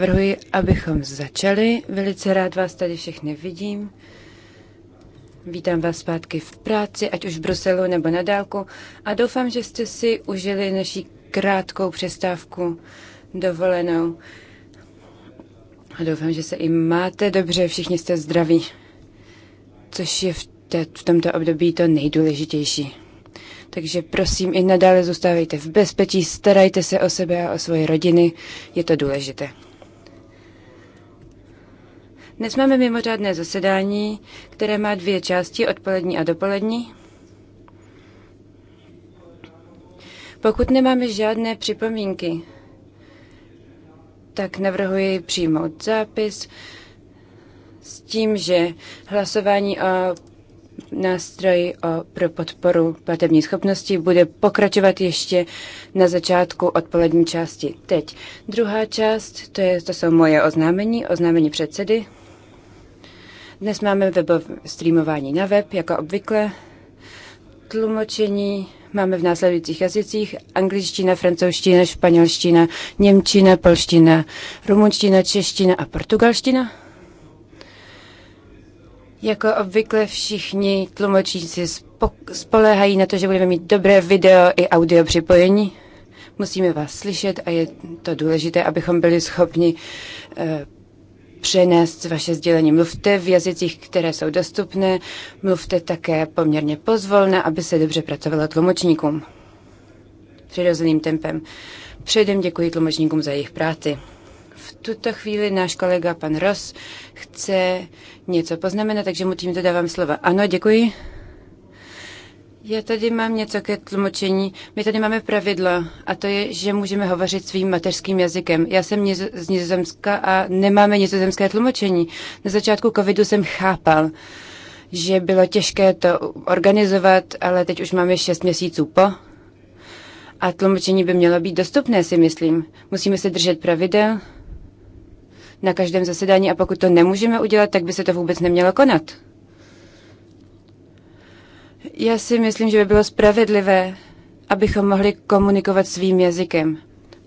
Navrhuji, abychom začali. Velice rád vás tady všechny vidím. Vítám vás zpátky v práci, ať už v Bruselu nebo na dálku. A doufám, že jste si užili naší krátkou přestávku dovolenou. A doufám, že se i máte dobře, všichni jste zdraví, což je v, te, v tomto období to nejdůležitější. Takže prosím, i nadále zůstávejte v bezpečí, starajte se o sebe a o svoje rodiny, je to důležité. Dnes máme mimořádné zasedání, které má dvě části, odpolední a dopolední. Pokud nemáme žádné připomínky, tak navrhuji přijmout zápis s tím, že hlasování o nástroj o, pro podporu platební schopnosti bude pokračovat ještě na začátku odpolední části. Teď druhá část, to, je, to jsou moje oznámení, oznámení předsedy. Dnes máme webové streamování na web, jako obvykle. Tlumočení máme v následujících jazycích angličtina, francouzština, španělština, němčina, polština, rumunština, čeština a portugalština. Jako obvykle všichni tlumočníci spoléhají na to, že budeme mít dobré video i audio připojení. Musíme vás slyšet a je to důležité, abychom byli schopni eh, přenést vaše sdělení. Mluvte v jazycích, které jsou dostupné, mluvte také poměrně pozvolné, aby se dobře pracovalo tlumočníkům. Přirozeným tempem. Předem děkuji tlumočníkům za jejich práci. V tuto chvíli náš kolega pan Ross chce něco poznamenat, takže mu tímto dávám slova. Ano, děkuji. Já tady mám něco ke tlumočení. My tady máme pravidlo a to je, že můžeme hovořit svým mateřským jazykem. Já jsem z Nizozemska a nemáme nizozemské tlumočení. Na začátku covidu jsem chápal, že bylo těžké to organizovat, ale teď už máme šest měsíců po a tlumočení by mělo být dostupné, si myslím. Musíme se držet pravidel na každém zasedání a pokud to nemůžeme udělat, tak by se to vůbec nemělo konat. Já si myslím, že by bylo spravedlivé, abychom mohli komunikovat svým jazykem.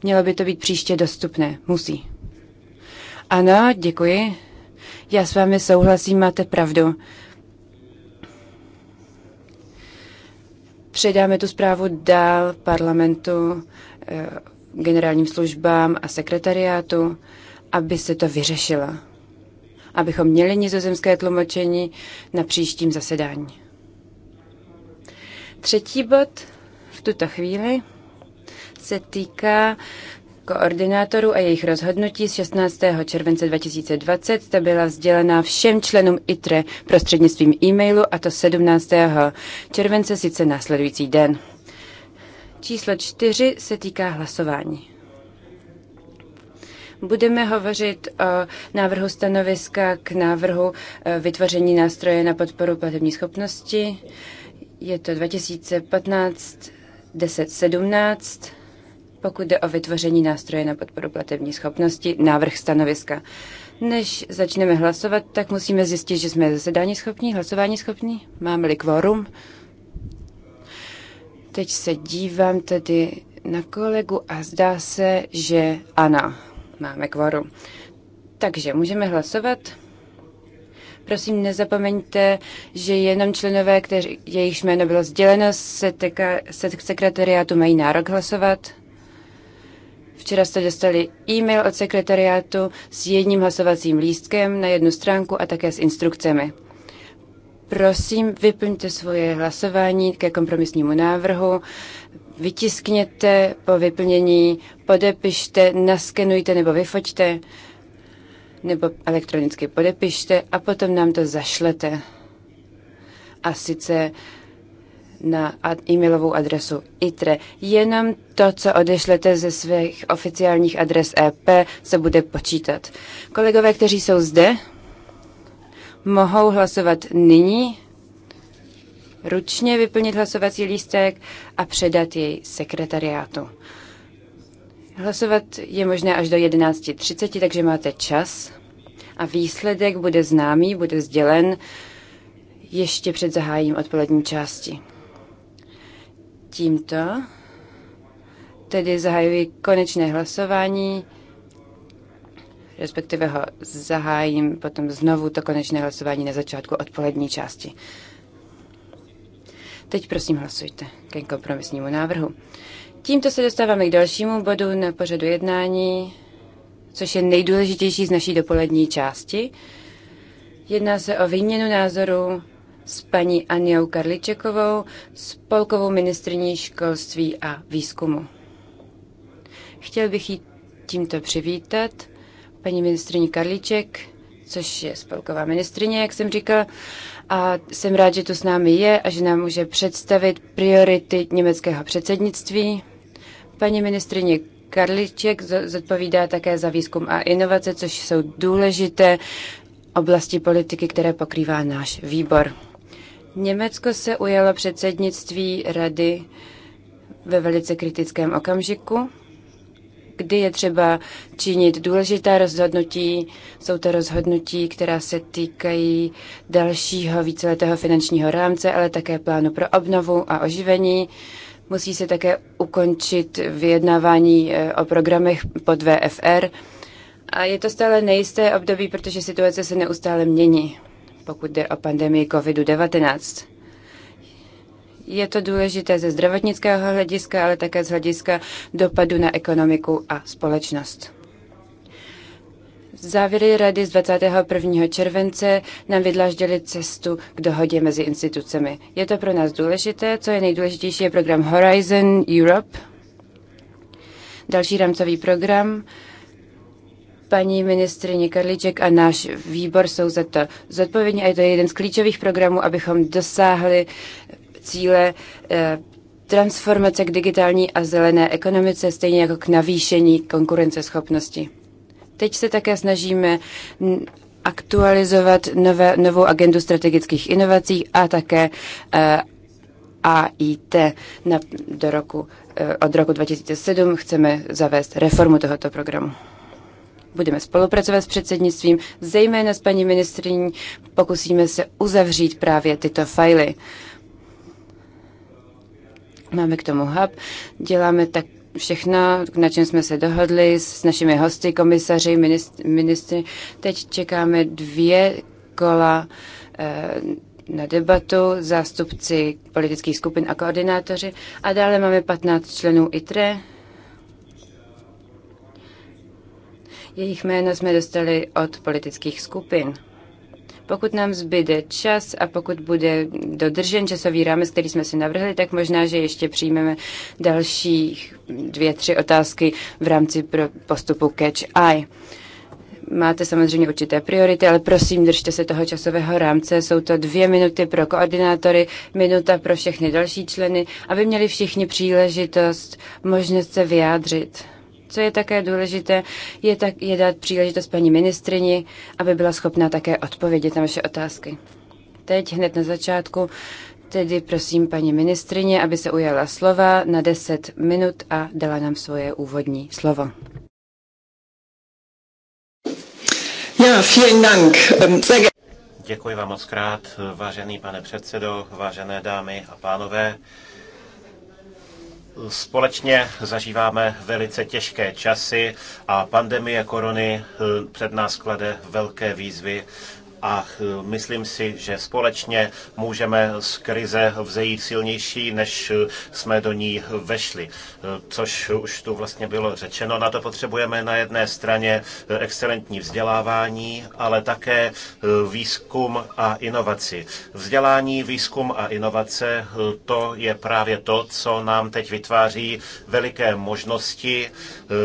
Mělo by to být příště dostupné. Musí. Ano, děkuji. Já s vámi souhlasím, máte pravdu. Předáme tu zprávu dál parlamentu, eh, generálním službám a sekretariátu, aby se to vyřešilo. Abychom měli nizozemské tlumočení na příštím zasedání. Třetí bod v tuto chvíli se týká koordinátorů a jejich rozhodnutí z 16. července 2020. Ta byla vzdělená všem členům ITRE prostřednictvím e-mailu a to 17. července, sice následující den. Číslo čtyři se týká hlasování. Budeme hovořit o návrhu stanoviska k návrhu e, vytvoření nástroje na podporu platební schopnosti. Je to 2015 10 17, pokud jde o vytvoření nástroje na podporu platební schopnosti, návrh stanoviska. Než začneme hlasovat, tak musíme zjistit, že jsme zasedání schopní, hlasování schopní, máme-li kvorum. Teď se dívám tedy na kolegu a zdá se, že ano, máme kvorum. Takže můžeme hlasovat. Prosím, nezapomeňte, že jenom členové, kteří, jejich jméno bylo sděleno, se, teka, se sekretariátu mají nárok hlasovat. Včera jste dostali e-mail od sekretariátu s jedním hlasovacím lístkem na jednu stránku a také s instrukcemi. Prosím, vyplňte svoje hlasování ke kompromisnímu návrhu, vytiskněte po vyplnění, podepište, naskenujte nebo vyfoťte nebo elektronicky podepište a potom nám to zašlete. A sice na e-mailovou adresu ITRE. Jenom to, co odešlete ze svých oficiálních adres EP, se bude počítat. Kolegové, kteří jsou zde, mohou hlasovat nyní, ručně vyplnit hlasovací lístek a předat jej sekretariátu. Hlasovat je možné až do 11.30, takže máte čas a výsledek bude známý, bude sdělen ještě před zahájením odpolední části. Tímto tedy zahajuji konečné hlasování, respektive ho zahájím potom znovu to konečné hlasování na začátku odpolední části. Teď prosím hlasujte ke kompromisnímu návrhu. Tímto se dostáváme k dalšímu bodu na pořadu jednání což je nejdůležitější z naší dopolední části. Jedná se o výměnu názoru s paní Aniou Karličekovou, spolkovou ministrní školství a výzkumu. Chtěl bych jí tímto přivítat, paní ministrině Karliček, což je spolková ministrině, jak jsem říkal, a jsem rád, že tu s námi je a že nám může představit priority německého předsednictví. Paní ministrině Karliček zodpovídá také za výzkum a inovace, což jsou důležité oblasti politiky, které pokrývá náš výbor. Německo se ujalo předsednictví rady ve velice kritickém okamžiku, kdy je třeba činit důležitá rozhodnutí. Jsou to rozhodnutí, která se týkají dalšího víceletého finančního rámce, ale také plánu pro obnovu a oživení. Musí se také ukončit vyjednávání eh, o programech pod VFR. A je to stále nejisté období, protože situace se neustále mění, pokud jde o pandemii COVID-19. Je to důležité ze zdravotnického hlediska, ale také z hlediska dopadu na ekonomiku a společnost. Závěry rady z 21. července nám vydlaždili cestu k dohodě mezi institucemi. Je to pro nás důležité, co je nejdůležitější je program Horizon Europe, další rámcový program. Paní ministrině Karliček a náš výbor jsou za to zodpovědní a je to jeden z klíčových programů, abychom dosáhli cíle eh, transformace k digitální a zelené ekonomice, stejně jako k navýšení konkurenceschopnosti. Teď se také snažíme aktualizovat nové, novou agendu strategických inovací a také eh, AIT na, do roku, eh, od roku 2007 chceme zavést reformu tohoto programu. Budeme spolupracovat s předsednictvím, zejména s paní ministriní, pokusíme se uzavřít právě tyto fajly. Máme k tomu hub, děláme tak všechno, na čem jsme se dohodli s našimi hosty, komisaři, ministry. Teď čekáme dvě kola eh, na debatu, zástupci politických skupin a koordinátoři. A dále máme 15 členů ITRE. Jejich jména jsme dostali od politických skupin. Pokud nám zbyde čas a pokud bude dodržen časový rámec, který jsme si navrhli, tak možná, že ještě přijmeme dalších dvě, tři otázky v rámci postupu Catch Eye. Máte samozřejmě určité priority, ale prosím, držte se toho časového rámce. Jsou to dvě minuty pro koordinátory, minuta pro všechny další členy, aby měli všichni příležitost, možnost se vyjádřit. Co je také důležité, je, tak, je dát příležitost paní ministrini, aby byla schopná také odpovědět na vaše otázky. Teď hned na začátku tedy prosím paní ministrině, aby se ujala slova na 10 minut a dala nám svoje úvodní slovo. Ja, vielen Dank. Ähm, Děkuji vám moc krát, vážený pane předsedo, vážené dámy a pánové. Společně zažíváme velice těžké časy a pandemie korony eh, před nás klade velké výzvy, a myslím si, že společně můžeme z krize vzejít silnější, než jsme do ní vešli. Což už tu vlastně bylo řečeno. Na to potřebujeme na jedné straně excelentní vzdělávání, ale také výzkum a inovaci. Vzdělání, výzkum a inovace, to je právě to, co nám teď vytváří veliké možnosti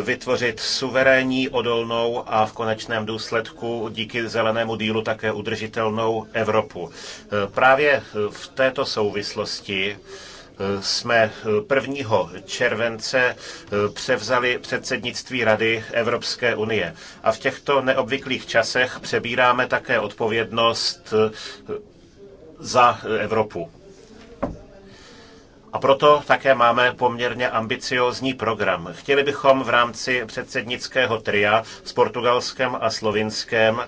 vytvořit suverénní, odolnou a v konečném důsledku díky zelenému dílu také také udržitelnou Evropu. E, právě e, v této souvislosti e, jsme 1. července převzali předsednictví Rady Evropské unie. A v těchto neobvyklých časech přebíráme také odpovědnost za Evropu. A proto také máme poměrně ambiciózní program. Chtěli bychom v rámci předsednického tria s Portugalskem a Slovinskem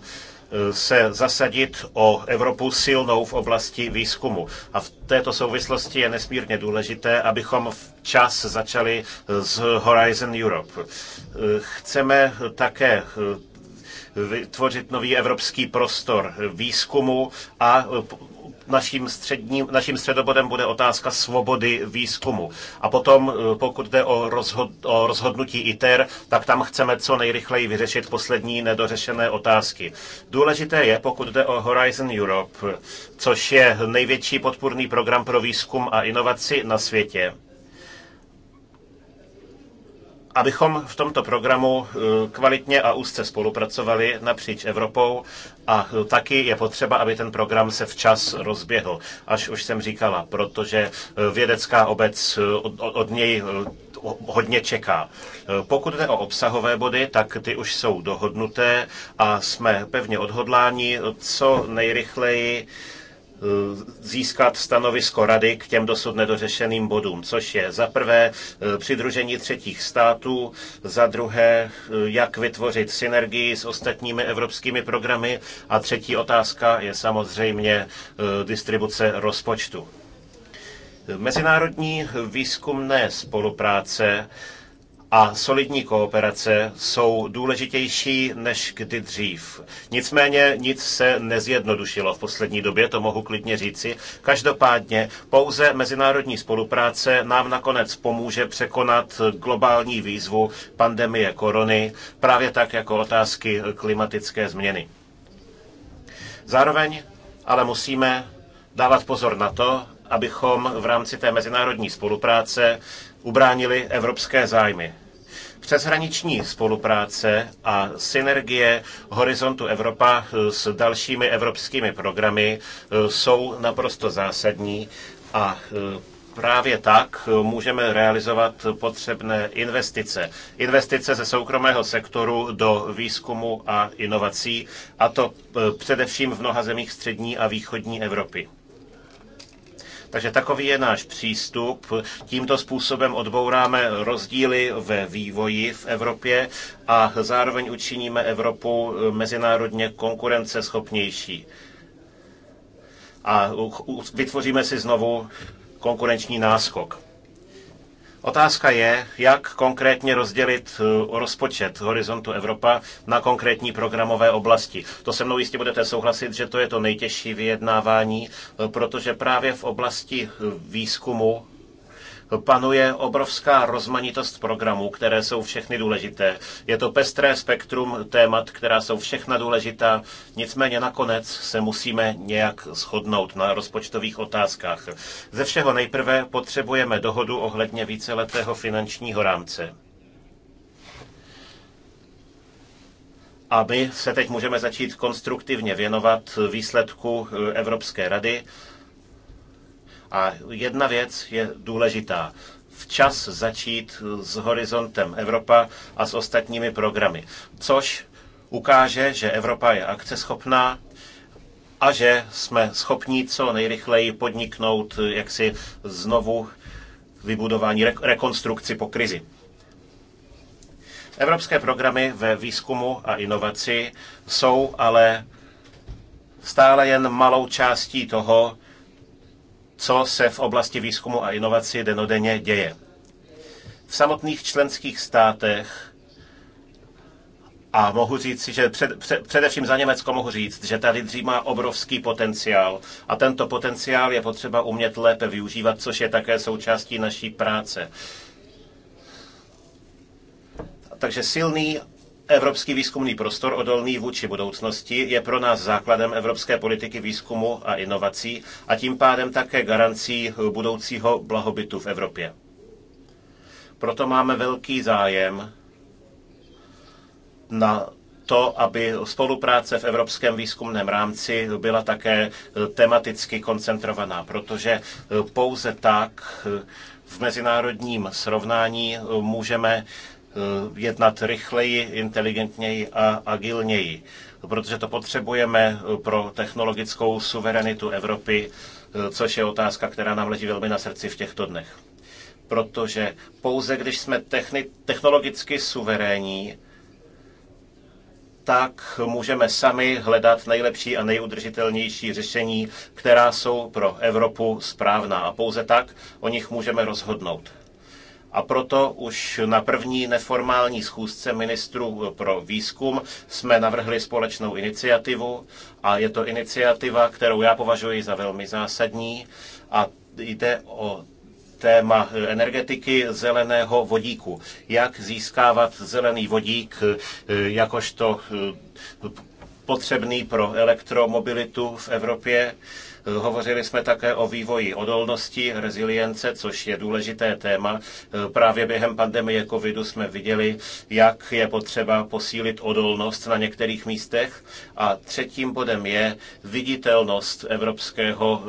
se zasadit o Evropu silnou v oblasti výzkumu. A v této souvislosti je nesmírně důležité, abychom včas začali eh, s Horizon Europe. Eh, chceme také eh, vytvořit nový evropský prostor výzkumu a naším, středním, naším středobodem bude otázka svobody výzkumu. A potom, eh, pokud jde o, rozhod, o rozhodnutí ITER, tak tam chceme co nejrychleji vyřešit poslední nedořešené otázky. Důležité je, pokud jde o Horizon Europe, což je největší podpůrný program pro výzkum a inovaci na světě abychom v tomto programu eh, kvalitně a úzce spolupracovali napříč Evropou a taky je potřeba, aby ten program se včas rozběhl, až už jsem říkala, protože e, vědecká obec e, od, od něj e, hodně čeká. Pokud jde o obsahové body, tak ty už jsou dohodnuté a jsme pevně odhodláni co nejrychleji Eh, získat stanovisko rady k těm dosud nedořešeným bodům, což je za prvé eh, přidružení třetích států, za druhé, eh, jak vytvořit synergii s ostatními evropskými programy a třetí otázka je samozřejmě distribuce rozpočtu. Mezinárodní výzkumné spolupráce a solidní kooperace jsou důležitější než kdy dřív. Nicméně nic se nezjednodušilo v poslední době, to mohu klidně říci. Každopádně pouze mezinárodní spolupráce nám nakonec pomůže překonat globální výzvu pandemie korony, právě tak jako otázky klimatické změny. Zároveň ale musíme dávat pozor na to, abychom v rámci té mezinárodní spolupráce ubránili evropské zájmy. Přeshraniční spolupráce a synergie Horizontu Evropa eh, s dalšími evropskými programy eh, jsou naprosto zásadní a eh, Právě tak můžeme realizovat potřebné investice. Investice ze soukromého sektoru do výzkumu a inovací, a to především v mnoha zemích střední a východní Evropy. Takže takový je náš přístup. Tímto způsobem odbouráme rozdíly ve vývoji v Evropě a zároveň učiníme Evropu eh, mezinárodně konkurenceschopnější. A vytvoříme si znovu konkurenční náskok. Otázka je, jak konkrétně rozdělit eh, rozpočet Horizontu Evropa na konkrétní programové oblasti. To se mnou jistě budete souhlasit, že to je to nejtěžší vyjednávání, eh, protože právě v oblasti eh, výzkumu panuje obrovská rozmanitost programů, které jsou všechny důležité. Je to pestré spektrum témat, která jsou všechna důležitá, nicméně nakonec se musíme nějak shodnout na rozpočtových otázkách. Ze všeho nejprve potřebujeme dohodu ohledně víceletého finančního rámce. A my se teď můžeme začít konstruktivně věnovat výsledku Evropské rady a jedna věc je důležitá včas začít s horizontem Evropa a s ostatními programy, což ukáže, že Evropa je akceschopná a že jsme schopni co nejrychleji podniknout jaksi znovu vybudování, rekonstrukci po krizi. Evropské programy ve výzkumu a inovaci jsou ale stále jen malou částí toho, co se v oblasti výzkumu a inovací denodenně děje. V samotných členských státech a mohu říct, že před, před, především za Německo mohu říct, že tady má obrovský potenciál a tento potenciál je potřeba umět lépe využívat, což je také součástí naší práce. Takže silný Evropský výzkumný prostor odolný vůči budoucnosti je pro nás základem evropské politiky výzkumu a inovací a tím pádem také garancí budoucího blahobytu v Evropě. Proto máme velký zájem na to, aby spolupráce v Evropském výzkumném rámci byla také tematicky koncentrovaná, protože pouze tak v mezinárodním srovnání můžeme Eh, jednat rychleji, inteligentněji a agilněji, protože to potřebujeme eh, pro technologickou suverenitu Evropy, eh, což je otázka, která nám leží velmi na srdci v těchto dnech. Protože pouze když jsme technologicky suverénní, tak můžeme sami hledat nejlepší a nejudržitelnější řešení, která jsou pro Evropu správná. A pouze tak o nich můžeme rozhodnout. A proto už na první neformální schůzce ministrů pro výzkum jsme navrhli společnou iniciativu a je to iniciativa, kterou já považuji za velmi zásadní a jde o téma energetiky zeleného vodíku. Jak získávat zelený vodík eh, jakožto eh, potřebný pro elektromobilitu v Evropě Hovořili jsme také o vývoji odolnosti, rezilience, což je důležité téma. Právě během pandemie covidu jsme viděli, jak je potřeba posílit odolnost na některých místech. A třetím bodem je viditelnost evropského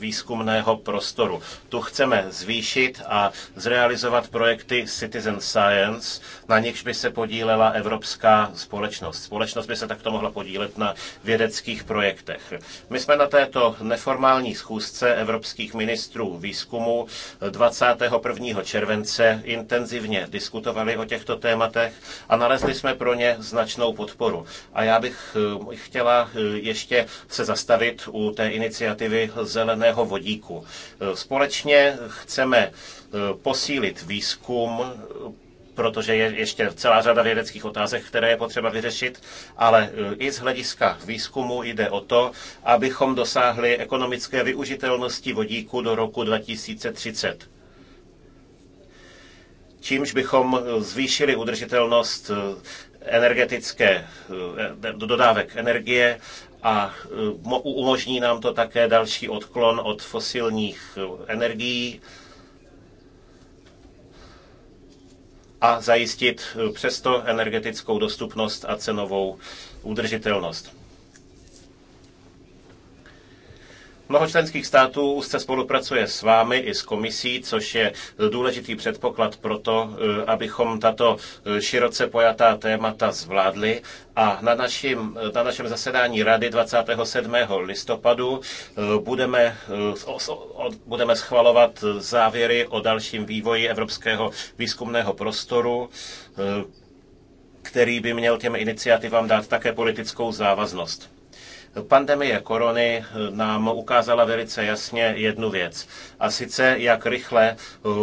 výzkumného prostoru. Tu chceme zvýšit a zrealizovat projekty Citizen Science, na nichž by se podílela evropská společnost. Společnost by se takto mohla podílet na vědeckých projektech. My jsme na této neformální schůzce evropských ministrů výzkumu 21. července intenzivně diskutovali o těchto tématech a nalezli jsme pro ně značnou podporu. A já bych eh, chtěla eh, ještě se zastavit u té iniciativy Zelené černého vodíku. Eh, společně chceme eh, posílit výzkum, eh, protože je ještě celá řada vědeckých otázek, které je potřeba vyřešit, ale i z hlediska výzkumu jde o to, abychom dosáhli ekonomické využitelnosti vodíku do roku 2030 čímž bychom zvýšili udržitelnost energetické dodávek energie a e, umožní nám to také další odklon od fosilních e, energií a zajistit e, přesto energetickou dostupnost a cenovou udržitelnost. Mnoho členských států úzce spolupracuje s vámi i s komisí, což je důležitý předpoklad pro to, eh, abychom tato eh, široce pojatá témata zvládli. A na našem, eh, na našem zasedání Rady 27. listopadu budeme, budeme schvalovat závěry o dalším vývoji evropského výzkumného prostoru který by měl těm iniciativám dát také politickou závaznost. Pandemie korony nám ukázala velice jasně jednu věc. A sice, jak rychle eh,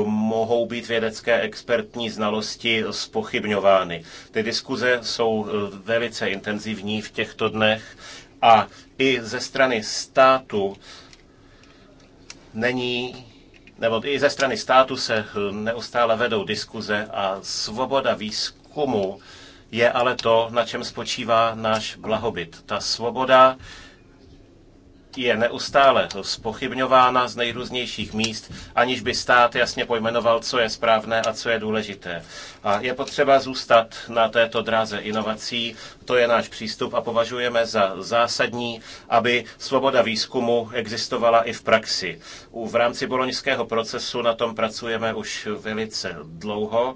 mohou být vědecké expertní znalosti spochybňovány. Ty diskuze jsou eh, velice intenzivní v těchto dnech a i ze strany státu není nebo i ze strany státu se eh, neustále vedou diskuze a svoboda výzkumu je ale to, na čem spočívá náš blahobyt. Ta svoboda je neustále spochybňována z nejrůznějších míst, aniž by stát jasně pojmenoval, co je správné a co je důležité. A je potřeba zůstat na této dráze inovací, to je náš přístup a považujeme za zásadní, aby svoboda výzkumu existovala i v praxi. V rámci boloňského procesu na tom pracujeme už velice dlouho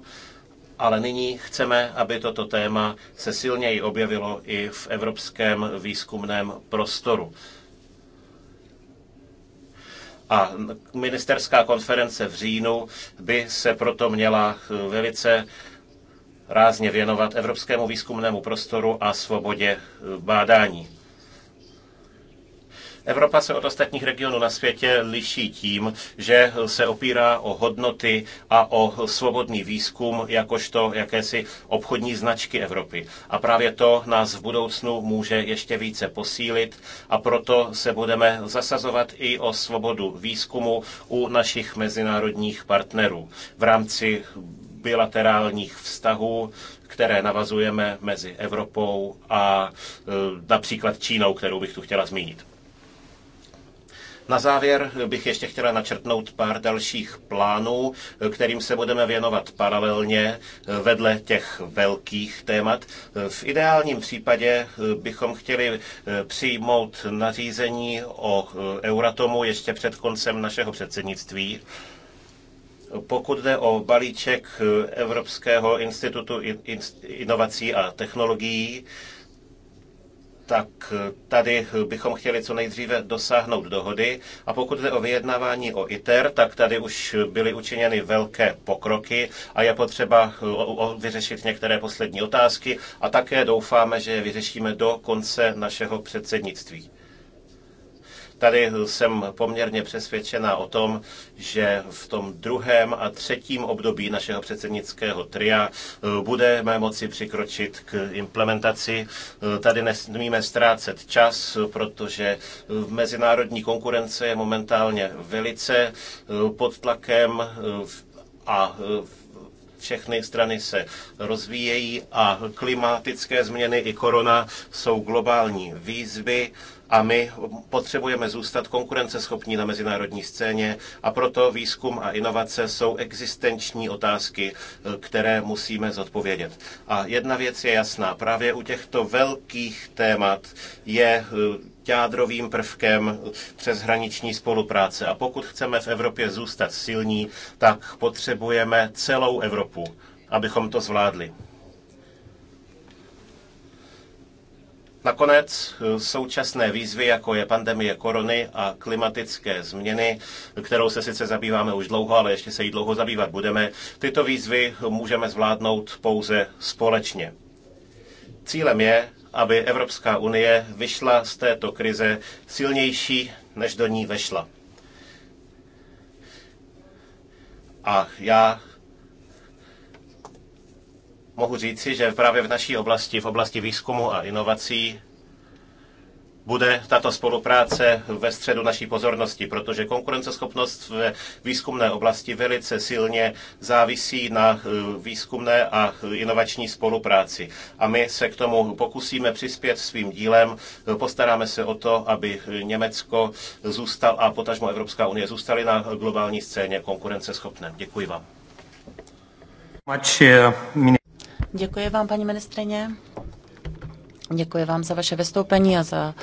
ale nyní chceme, aby toto téma se silněji objevilo i v evropském výzkumném prostoru. A ministerská konference v říjnu by se proto měla velice rázně věnovat evropskému výzkumnému prostoru a svobodě bádání. Evropa se od ostatních regionů na světě liší tím, že se opírá o hodnoty a o svobodný výzkum, jakožto jakési obchodní značky Evropy. A právě to nás v budoucnu může ještě více posílit a proto se budeme zasazovat i o svobodu výzkumu u našich mezinárodních partnerů v rámci bilaterálních vztahů, které navazujeme mezi Evropou a e, například Čínou, kterou bych tu chtěla zmínit. Na závěr bych ještě chtěla načrtnout pár dalších plánů, kterým se budeme věnovat paralelně eh, vedle těch velkých témat. Eh, v ideálním případě eh, bychom chtěli přijmout nařízení o Euratomu ještě před koncem našeho předsednictví. Pokud jde o balíček Evropského institutu inovací a technologií, tak eh, tady bychom chtěli co nejdříve dosáhnout dohody. A pokud jde o vyjednávání o ITER, tak tady už byly učiněny velké pokroky a je potřeba eh, vyřešit některé poslední otázky a také doufáme, že je vyřešíme do konce našeho předsednictví. Tady jsem poměrně přesvědčena o tom, že v tom druhém a třetím období našeho předsednického tria eh, budeme moci přikročit k implementaci. Eh, tady nesmíme ztrácet čas, protože eh, mezinárodní konkurence je momentálně velice pod tlakem a všechny strany se rozvíjejí a klimatické změny i korona jsou globální výzvy a my potřebujeme zůstat konkurenceschopní na mezinárodní scéně a proto výzkum a inovace jsou existenční otázky, eh, které musíme zodpovědět. A jedna věc je jasná, právě u těchto velkých témat je eh, jádrovým prvkem eh, přeshraniční spolupráce. A pokud chceme v Evropě zůstat silní, tak potřebujeme celou Evropu, abychom to zvládli. Nakonec eh, současné výzvy, jako je pandemie korony a klimatické změny, kterou se sice zabýváme už dlouho, ale ještě se jí dlouho zabývat budeme, tyto výzvy můžeme zvládnout pouze společně. Cílem je, aby Evropská unie vyšla z této krize silnější, než do ní vešla. A já mohu říci, že právě v naší oblasti, v oblasti výzkumu a inovací, bude tato spolupráce ve středu naší pozornosti, protože konkurenceschopnost ve výzkumné oblasti velice silně závisí na eh, výzkumné a eh, inovační spolupráci. A my se k tomu pokusíme přispět svým dílem. Postaráme se o to, aby Německo zůstal a potažmo Evropská unie zůstaly na globální scéně konkurenceschopné. Děkuji vám. Eh, Děkuji vám, paní ministrině. Děkuji vám za vaše vystoupení a za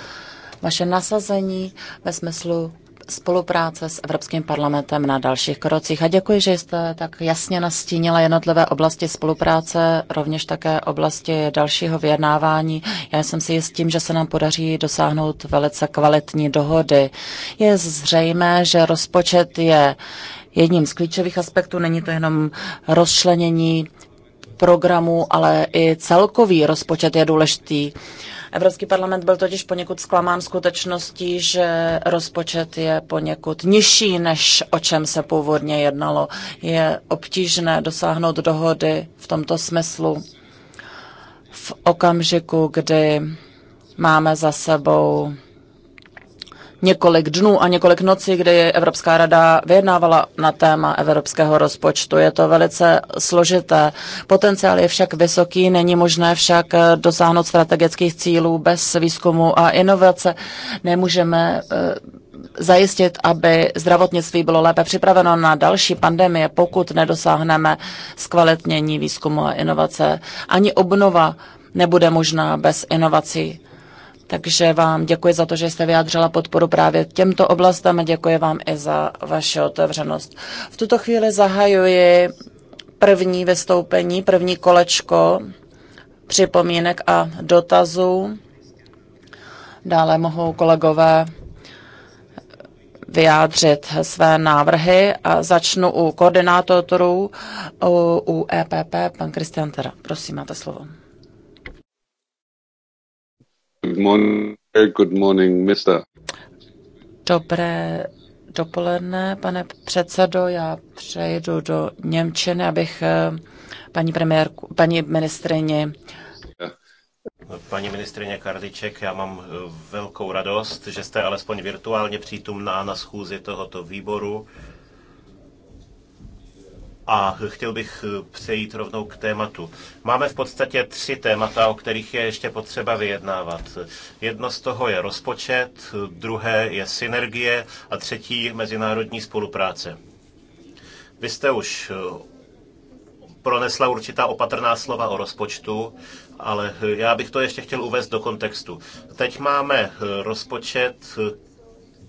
vaše nasazení ve smyslu spolupráce s Evropským parlamentem na dalších krocích. A děkuji, že jste tak jasně nastínila jednotlivé oblasti spolupráce, rovněž také oblasti dalšího vyjednávání. Já jsem si jistím, že se nám podaří dosáhnout velice kvalitní dohody. Je zřejmé, že rozpočet je jedním z klíčových aspektů. Není to jenom rozčlenění programů, ale i celkový rozpočet je důležitý. Evropský parlament byl totiž poněkud zklamán skutečností, že rozpočet je poněkud nižší, než o čem se původně jednalo. Je obtížné dosáhnout dohody v tomto smyslu v okamžiku, kdy máme za sebou několik dnů a několik nocí, kdy Evropská rada vyjednávala na téma evropského rozpočtu. Je to velice složité. Potenciál je však vysoký, není možné však dosáhnout strategických cílů bez výzkumu a inovace. Nemůžeme eh, zajistit, aby zdravotnictví bylo lépe připraveno na další pandemie, pokud nedosáhneme zkvalitnění výzkumu a inovace. Ani obnova nebude možná bez inovací. Takže vám děkuji za to, že jste vyjádřila podporu právě těmto oblastem a děkuji vám i za vaši otevřenost. V tuto chvíli zahajuji první vystoupení, první kolečko připomínek a dotazů. Dále mohou kolegové vyjádřit své návrhy a začnu u koordinátorů u, u EPP, pan Kristian Tera. Prosím, máte slovo. Good morning, good morning, mister. Dobré dopoledne, pane předsedo. Já přejdu do Němčiny, abych eh, paní premiérku, paní ministrině Paní ministrině Karliček, já mám eh, velkou radost, že jste alespoň virtuálně přítomná na schůzi tohoto výboru a chtěl bych eh, přejít rovnou k tématu. Máme v podstatě tři témata, o kterých je ještě potřeba vyjednávat. Jedno z toho je rozpočet, druhé je synergie a třetí mezinárodní spolupráce. Vy jste už eh, pronesla určitá opatrná slova o rozpočtu, ale eh, já bych to ještě chtěl uvést do kontextu. Teď máme rozpočet,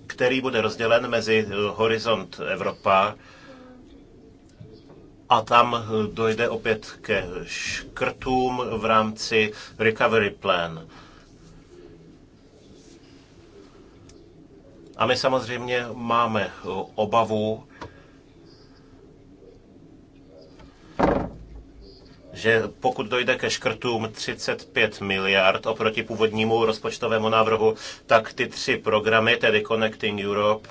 který bude rozdělen mezi Horizont Evropa a tam dojde opět ke škrtům v rámci recovery plan. A my samozřejmě máme obavu, že pokud dojde ke škrtům 35 miliard oproti původnímu rozpočtovému návrhu, tak ty tři programy, tedy Connecting Europe,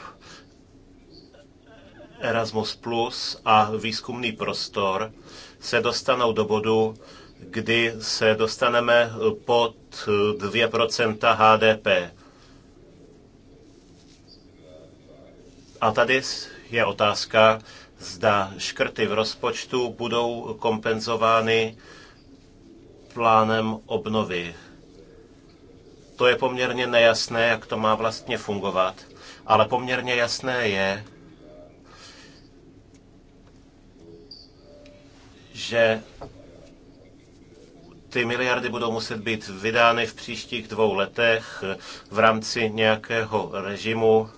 Erasmus Plus a výzkumný prostor se dostanou do bodu, kdy se dostaneme pod 2% HDP. A tady je otázka, zda škrty v rozpočtu budou kompenzovány plánem obnovy. To je poměrně nejasné, jak to má vlastně fungovat, ale poměrně jasné je, že ty miliardy budou muset být vydány v příštích dvou letech v rámci nějakého režimu.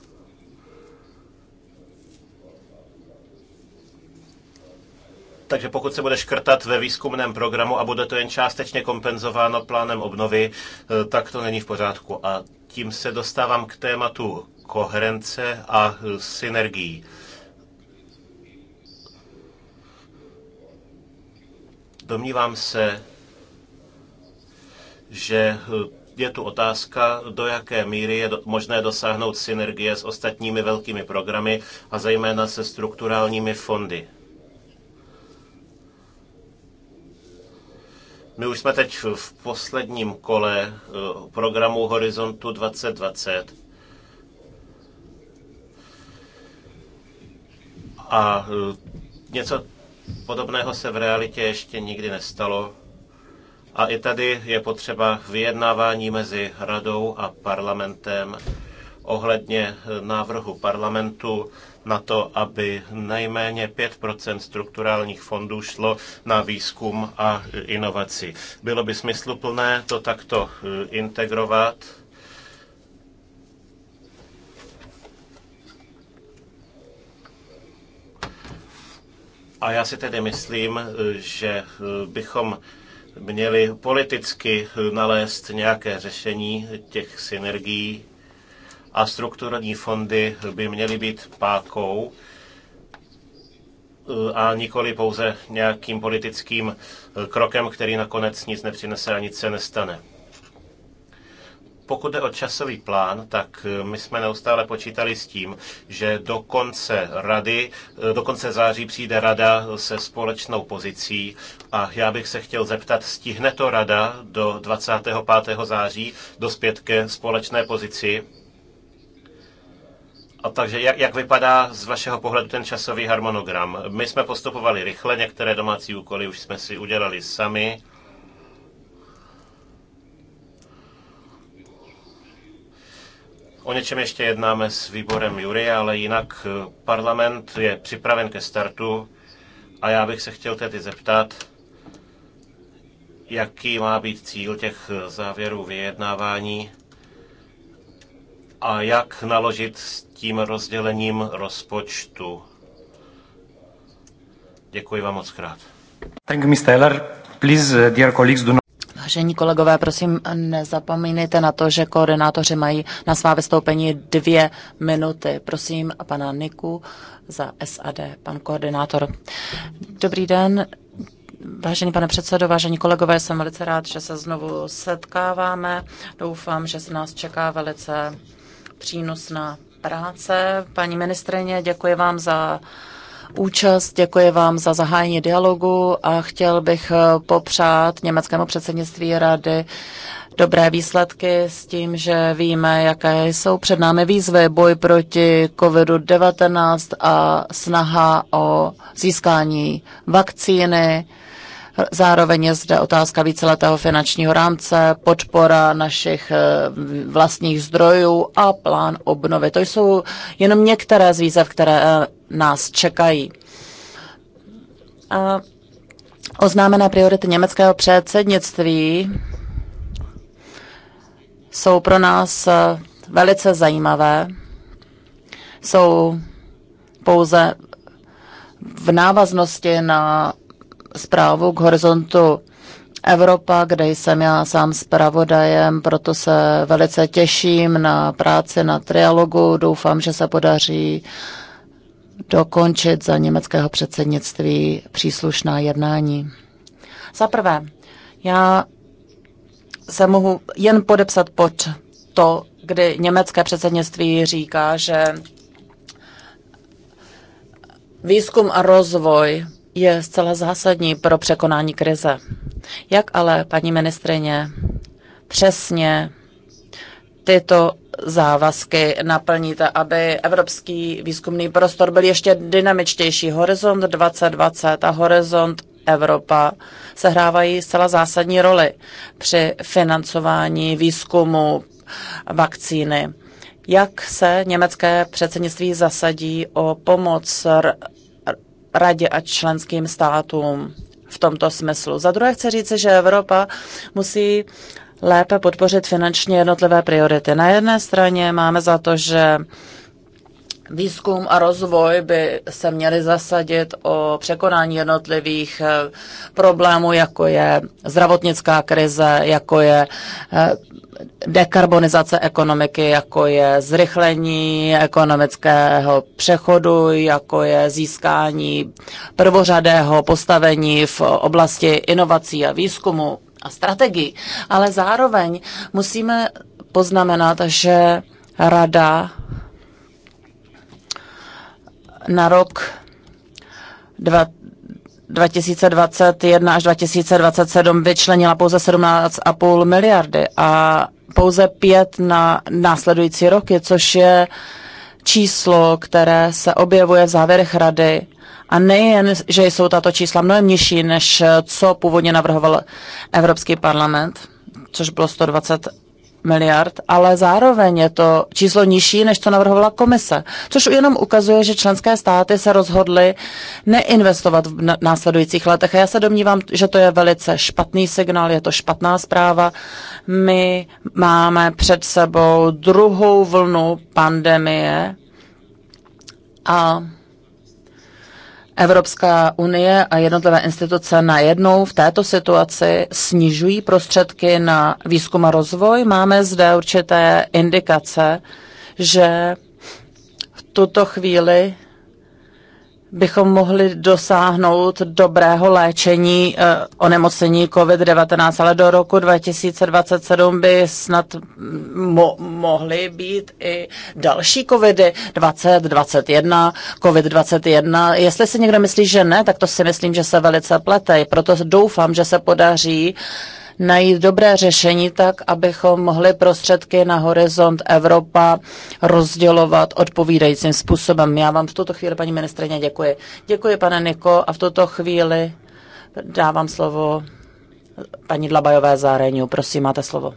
Takže pokud se bude škrtat ve výzkumném programu a bude to jen částečně kompenzováno plánem obnovy, eh, tak to není v pořádku. A tím se dostávám k tématu koherence a eh, synergií. Domnívám se, že eh, je tu otázka, do jaké míry je možné dosáhnout synergie s ostatními velkými programy a zejména se strukturálními fondy. My už jsme teď v posledním kole eh, programu Horizontu 2020. A eh, něco Podobného se v realitě ještě nikdy nestalo. A i tady je potřeba vyjednávání mezi radou a parlamentem ohledně návrhu parlamentu na to, aby nejméně 5 strukturálních fondů šlo na výzkum a inovaci. Bylo by smysluplné to takto eh, integrovat A já si tedy myslím, že eh, bychom měli politicky eh, nalézt nějaké řešení těch synergií a strukturální fondy eh, by měly být pákou a nikoli pouze nějakým politickým krokem, který nakonec nic nepřinese a nic se nestane. Pokud jde o časový plán, tak eh, my jsme neustále počítali s tím, že do konce rady, eh, do konce září přijde rada eh, se společnou pozicí a já bych se chtěl zeptat, stihne to rada do 25. září dospět ke společné pozici? A takže jak, jak vypadá z vašeho pohledu ten časový harmonogram? My jsme postupovali rychle, některé domácí úkoly už jsme si udělali sami. O něčem ještě jednáme s výborem Jury, ale jinak eh, parlament je připraven ke startu a já bych se chtěl tedy zeptat, jaký má být cíl těch eh, závěrů vyjednávání a jak naložit s tím rozdělením rozpočtu. Děkuji vám moc krát. Thank you, Mr. Heller. Please, eh, dear colleagues, do Vážení kolegové, prosím, nezapomínejte na to, že koordinátoři mají na svá vystoupení dvě minuty. Prosím pana Niku za SAD, pan koordinátor. Dobrý den, Vážený pane předsedo, vážení kolegové, jsem velice rád, že se znovu setkáváme. Doufám, že se nás čeká velice přínosná práce. Paní ministrině, děkuji vám za účast, děkuji vám za zahájení dialogu a chtěl bych eh, popřát německému předsednictví rady dobré výsledky s tím, že víme, jaké jsou před námi výzvy, boj proti COVID-19 a snaha o získání vakcíny Zároveň je zde otázka víceletého finančního rámce, podpora našich eh, vlastních zdrojů a plán obnovy. To jsou jenom některé z výzev, které eh, nás čekají. A oznámené priority německého předsednictví jsou pro nás eh, velice zajímavé. Jsou pouze v návaznosti na zprávu k horizontu Evropa, kde jsem já sám zpravodajem, proto se velice těším na práci na trialogu. Doufám, že se podaří dokončit za německého předsednictví příslušná jednání. Za prvé, já se mohu jen podepsat pod to, kdy německé předsednictví říká, že výzkum a rozvoj je zcela zásadní pro překonání krize. Jak ale, paní ministrině, přesně tyto závazky naplníte, aby evropský výzkumný prostor byl ještě dynamičtější. Horizont 2020 a Horizont Evropa sehrávají zcela zásadní roli při financování výzkumu vakcíny. Jak se německé předsednictví zasadí o pomoc radě a členským státům v tomto smyslu. Za druhé chci říct, že Evropa musí lépe podpořit finančně jednotlivé priority. Na jedné straně máme za to, že výzkum a rozvoj by se měly zasadit o překonání jednotlivých eh, problémů, jako je zdravotnická krize, jako je eh, dekarbonizace ekonomiky, jako je zrychlení ekonomického přechodu, jako je získání prvořadého postavení v oblasti inovací a výzkumu a strategií. Ale zároveň musíme poznamenat, že rada na rok 2021 až 2027 vyčlenila pouze 17,5 miliardy a pouze pět na následující roky, což je číslo, které se objevuje v závěrech rady. A nejen, že jsou tato čísla mnohem nižší, než co původně navrhoval Evropský parlament, což bylo 120 miliard, ale zároveň je to číslo nižší, než co navrhovala komise, což jenom ukazuje, že členské státy se rozhodly neinvestovat v následujících letech. A já se domnívám, že to je velice špatný signál, je to špatná zpráva. My máme před sebou druhou vlnu pandemie a Evropská unie a jednotlivé instituce najednou v této situaci snižují prostředky na výzkum a rozvoj. Máme zde určité indikace, že v tuto chvíli bychom mohli dosáhnout dobrého léčení eh, onemocnění COVID-19, ale do roku 2027 by snad mo- mohly být i další COVIDy 20, 21, COVID-21. Jestli si někdo myslí, že ne, tak to si myslím, že se velice plete. Proto doufám, že se podaří uh, najít dobré řešení tak, abychom mohli prostředky na horizont Evropa rozdělovat odpovídajícím způsobem. Já vám v tuto chvíli, paní ministrině, děkuji. Děkuji, pane Niko, a v tuto chvíli dávám slovo paní Dlabajové Zárenu. Prosím, máte slovo.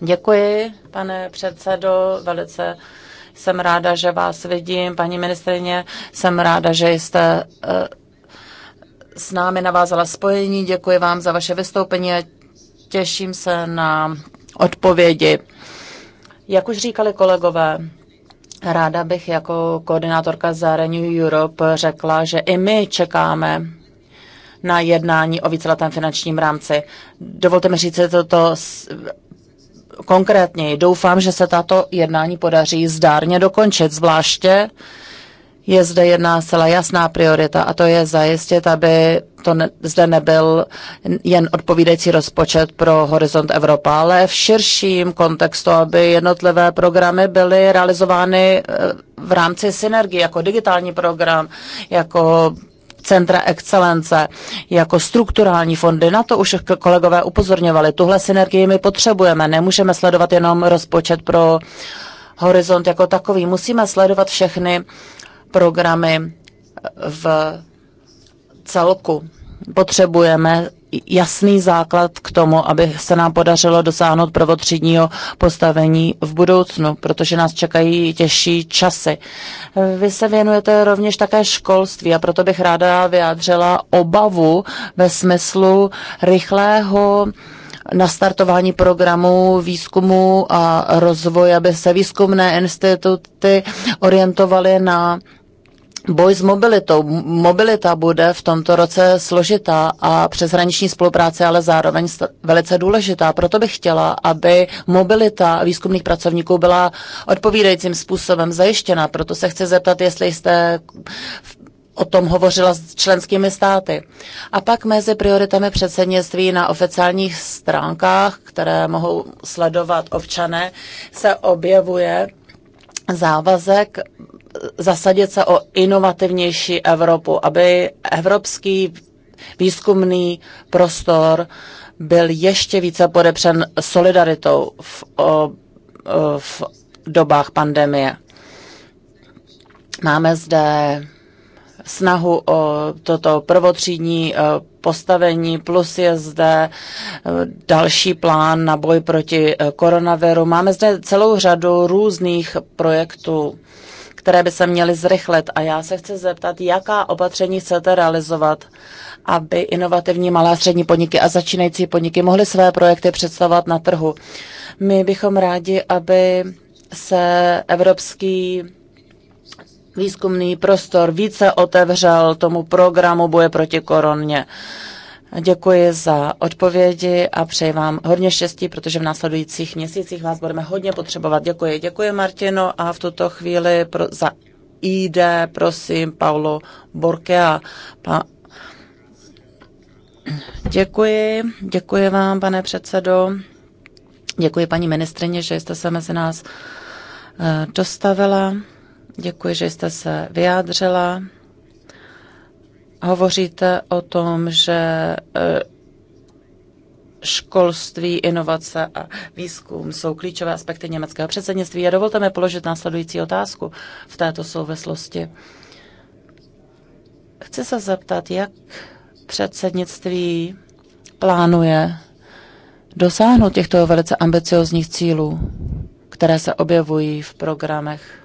Děkuji, pane předsedo, velice jsem ráda, že vás vidím, paní ministrině, jsem ráda, že jste eh, s námi navázala spojení. Děkuji vám za vaše vystoupení a těším se na odpovědi. Jak už říkali kolegové, ráda bych jako koordinátorka za Renew Europe řekla, že i my čekáme na jednání o víceletém finančním rámci. Dovolte mi říct toto konkrétně. Doufám, že se tato jednání podaří zdárně dokončit, zvláště je zde jedna zcela jasná priorita a to je zajistit, aby to ne, zde nebyl jen odpovídající rozpočet pro Horizont Evropa, ale v širším kontextu, aby jednotlivé programy byly realizovány eh, v rámci synergie, jako digitální program, jako centra excelence, jako strukturální fondy. Na to už kolegové upozorňovali. Tuhle synergii my potřebujeme. Nemůžeme sledovat jenom rozpočet pro horizont jako takový. Musíme sledovat všechny programy eh, v celku. Potřebujeme jasný základ k tomu, aby se nám podařilo dosáhnout prvotřídního postavení v budoucnu, protože nás čekají těžší časy. Vy se věnujete rovněž také školství a proto bych ráda vyjádřila obavu ve smyslu rychlého nastartování programů výzkumu a rozvoje, aby se výzkumné instituty orientovaly na Boj s mobilitou. Mobilita bude v tomto roce složitá a přeshraniční spolupráce ale zároveň velice důležitá. Proto bych chtěla, aby mobilita výzkumných pracovníků byla odpovídajícím způsobem zajištěna. Proto se chci zeptat, jestli jste o tom hovořila s členskými státy. A pak mezi prioritami předsednictví na oficiálních stránkách, které mohou sledovat občané, se objevuje závazek zasadit se o inovativnější Evropu, aby evropský výzkumný prostor byl ještě více podepřen solidaritou v, o, v dobách pandemie. Máme zde snahu o toto prvotřídní e, postavení, plus je zde e, další plán na boj proti e, koronaviru. Máme zde celou řadu různých projektů které by se měly zrychlit. A já se chci zeptat, jaká opatření chcete realizovat, aby inovativní malé a střední podniky a začínající podniky mohly své projekty představovat na trhu. My bychom rádi, aby se evropský výzkumný prostor více otevřel tomu programu boje proti koroně. Uh, Děkuji za odpovědi a přeji vám hodně štěstí, protože v následujících měsících vás budeme hodně potřebovat. Děkuji. Děkuji, Martino, a v tuto chvíli pro, za ID, prosím, Paulo Borkea. Pa, děkuji, děkuji vám, pane předsedo. Děkuji paní ministrině, že jste se mezi nás eh, dostavila. Děkuji, že jste se vyjádřila. Hovoříte o tom, že e, školství, inovace a výzkum jsou klíčové aspekty německého předsednictví. A dovolte mi položit následující otázku v této souvislosti. Chci se zeptat, jak předsednictví plánuje dosáhnout těchto velice ambiciozních cílů, které se objevují v programech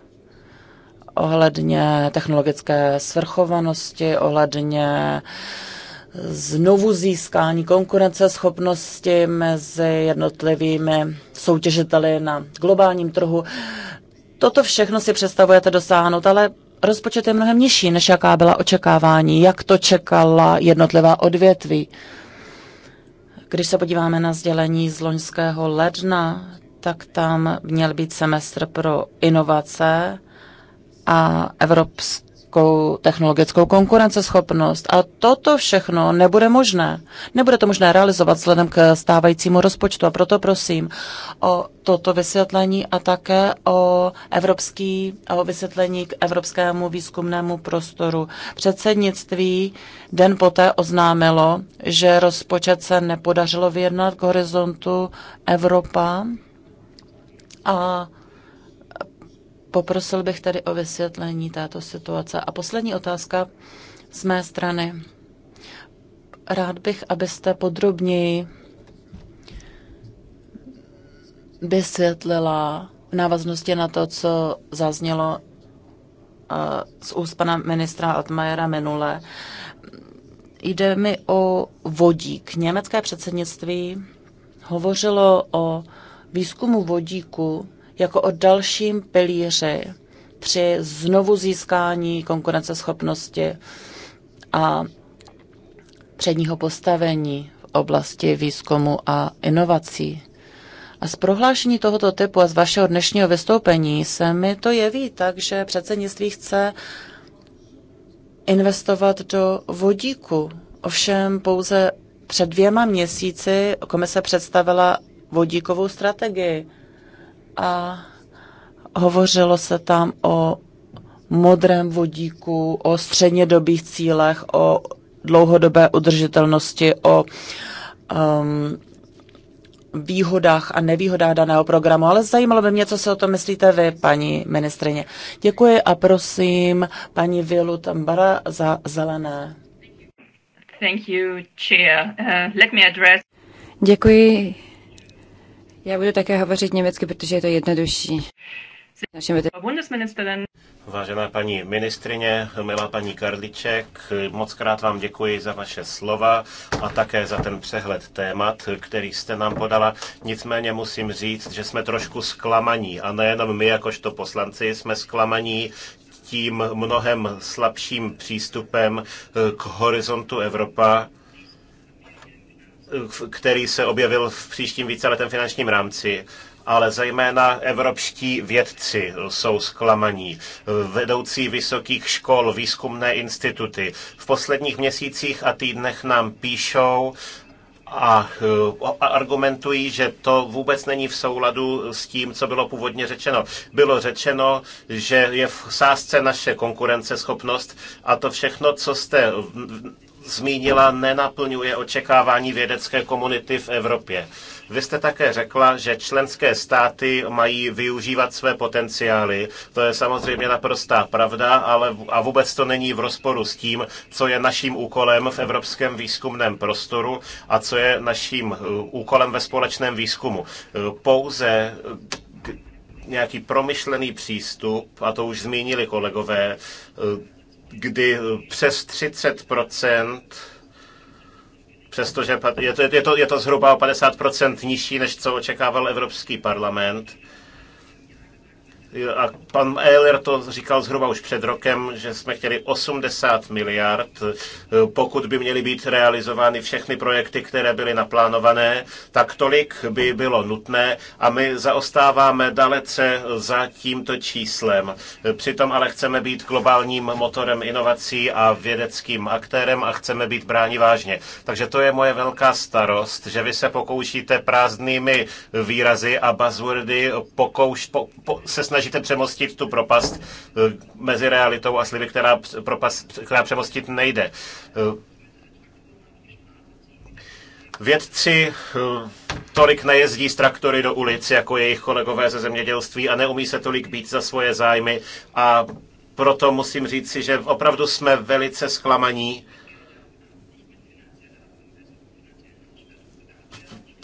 ohledně technologické svrchovanosti, ohledně znovu získání konkurenceschopnosti mezi jednotlivými soutěžiteli na globálním trhu. Toto všechno si představujete dosáhnout, ale rozpočet je mnohem nižší, než jaká byla očekávání, jak to čekala jednotlivá odvětví. Když se podíváme na sdělení z loňského ledna, tak tam měl být semestr pro inovace, a evropskou technologickou konkurenceschopnost. A toto všechno nebude možné. Nebude to možné realizovat vzhledem k stávajícímu rozpočtu. A proto prosím o toto vysvětlení a také o, evropský, o vysvětlení k Evropskému výzkumnému prostoru. Předsednictví den poté oznámilo, že rozpočet se nepodařilo vyjednat k horizontu Evropa a Poprosil bych tady o vysvětlení této situace. A poslední otázka z mé strany. Rád bych, abyste podrobněji vysvětlila v návaznosti na to, co zaznělo eh, z úst pana ministra Altmajera minule. Jde mi o vodík. Německé předsednictví hovořilo o výzkumu vodíku jako o dalším pilíři při znovu získání konkurenceschopnosti a předního postavení v oblasti výzkumu a inovací. A z prohlášení tohoto typu a z vašeho dnešního vystoupení se mi to jeví tak, že předsednictví chce investovat do vodíku. Ovšem pouze před dvěma měsíci komise představila vodíkovou strategii a hovořilo se tam o modrém vodíku, o střednědobých cílech, o dlouhodobé udržitelnosti, o um, výhodách a nevýhodách daného programu, ale zajímalo by mě, co si o tom myslíte vy, paní ministrině. Děkuji a prosím paní Vilu Tambara za zelené. Thank you, chair. Uh, let me address... Děkuji, já budu také hovořit německy, protože je to jednodušší. Vážená paní ministrině, milá paní Karliček, moc krát vám děkuji za vaše slova a také za ten přehled témat, který jste nám podala. Nicméně musím říct, že jsme trošku zklamaní a nejenom my jakožto poslanci jsme zklamaní tím mnohem slabším přístupem k horizontu Evropa který se objevil v příštím víceletém finančním rámci ale zejména evropští vědci jsou zklamaní. Vedoucí vysokých škol, výzkumné instituty. V posledních měsících a týdnech nám píšou, a eh, argumentují, že to vůbec není v souladu s tím, co bylo původně řečeno. Bylo řečeno, že je v sázce naše konkurenceschopnost a to všechno, co jste zmínila, nenaplňuje očekávání vědecké komunity v Evropě. Vy jste také řekla, že členské státy mají využívat své potenciály. To je samozřejmě naprostá pravda, ale a vůbec to není v rozporu s tím, co je naším úkolem v evropském výzkumném prostoru a co je naším eh, úkolem ve společném výzkumu. Eh, pouze eh, nějaký promyšlený přístup, a to už zmínili kolegové, kdy přes 30 přestože je to, je, to, je to zhruba o 50 nižší, než co očekával Evropský parlament, a pan Euler to říkal zhruba už před rokem, že jsme chtěli 80 miliard, eh, pokud by měly být realizovány všechny projekty, které byly naplánované, tak tolik by bylo nutné a my zaostáváme dalece za tímto číslem. Přitom ale chceme být globálním motorem inovací a vědeckým aktérem a chceme být bráni vážně. Takže to je moje velká starost, že vy se pokoušíte prázdnými výrazy a buzzwordy pokouš, po, po, se snažíte snažíte přemostit tu propast eh, mezi realitou a sliby, která, propast, která přemostit nejde. Eh, vědci eh, tolik nejezdí z traktory do ulic, jako jejich kolegové ze zemědělství a neumí se tolik být za svoje zájmy a proto musím říci, že opravdu jsme velice zklamaní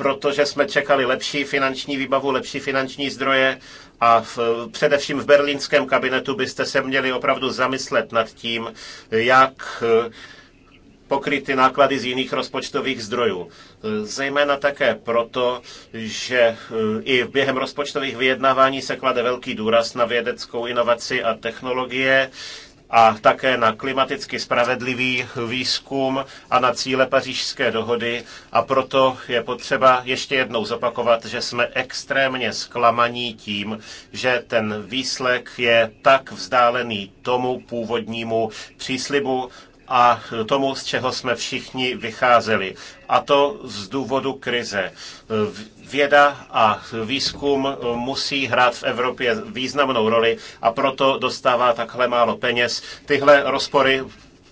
protože jsme čekali lepší finanční výbavu, lepší finanční zdroje a v, především v berlínském kabinetu byste se měli opravdu zamyslet nad tím, jak eh, ty náklady z jiných rozpočtových zdrojů. Eh, zejména také proto, že eh, i během rozpočtových vyjednávání se klade velký důraz na vědeckou inovaci a technologie, a také na klimaticky spravedlivý výzkum a na cíle pařížské dohody a proto je potřeba ještě jednou zopakovat, že jsme extrémně zklamaní tím, že ten výslek je tak vzdálený tomu původnímu příslibu, a tomu, z čeho jsme všichni vycházeli. A to z důvodu krize. Věda a výzkum eh, musí hrát v Evropě významnou roli a proto dostává takhle málo peněz. Tyhle rozpory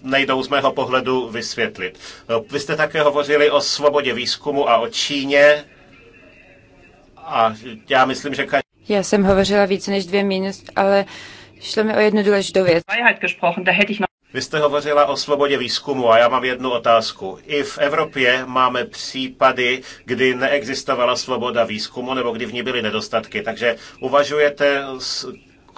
nejdou z mého pohledu vysvětlit. Eh, vy jste také hovořili o svobodě výzkumu a o Číně a já myslím, že... Každý... Já jsem hovořila více než dvě minut, ale šlo mi o jednu důležitou věc. Vy jste hovořila o svobodě výzkumu a já mám jednu otázku. I v Evropě máme případy, kdy neexistovala svoboda výzkumu nebo kdy v ní byly nedostatky. Takže uvažujete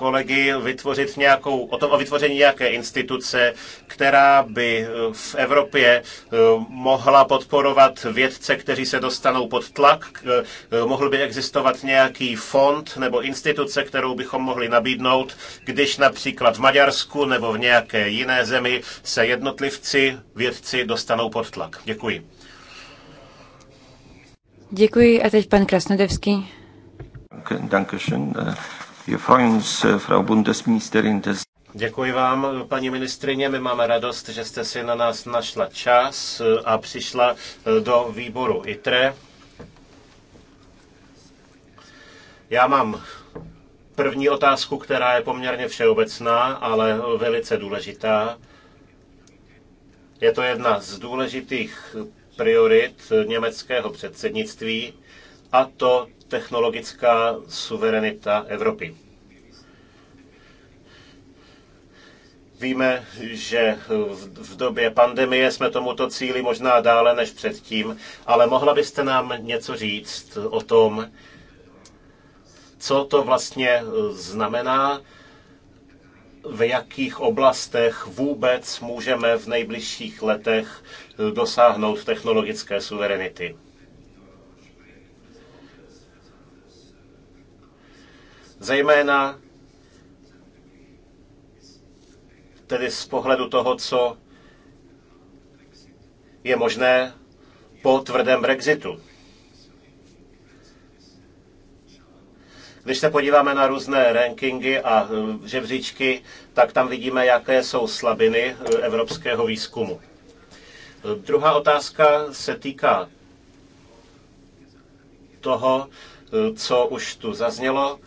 kolegy vytvořit nějakou, o tom o vytvoření nějaké instituce, která by eh, v Evropě eh, mohla podporovat vědce, kteří se dostanou pod tlak. Eh, mohl by existovat nějaký fond nebo instituce, kterou bychom mohli nabídnout, když například v Maďarsku nebo v nějaké jiné zemi se jednotlivci, vědci dostanou pod tlak. Děkuji. Děkuji a teď pan Krasnodevský. Dankeschön. Eh, Děkuji vám, paní ministrině. My máme radost, že jste si na nás našla čas eh, a přišla eh, do výboru ITRE. Já mám první otázku, která je poměrně všeobecná, ale velice důležitá. Je to jedna z důležitých priorit německého předsednictví a to technologická suverenita Evropy. Víme, že v době pandemie jsme tomuto cíli možná dále než předtím, ale mohla byste nám něco říct o tom, co to vlastně eh, znamená, v jakých oblastech vůbec můžeme v nejbližších letech eh, dosáhnout technologické suverenity. Zejména tedy z pohledu toho, co je možné po tvrdém Brexitu. Když se podíváme na různé rankingy a e, žebříčky, tak tam vidíme, jaké jsou slabiny e, evropského výzkumu. E, druhá otázka se týká toho, co už tu zaznělo,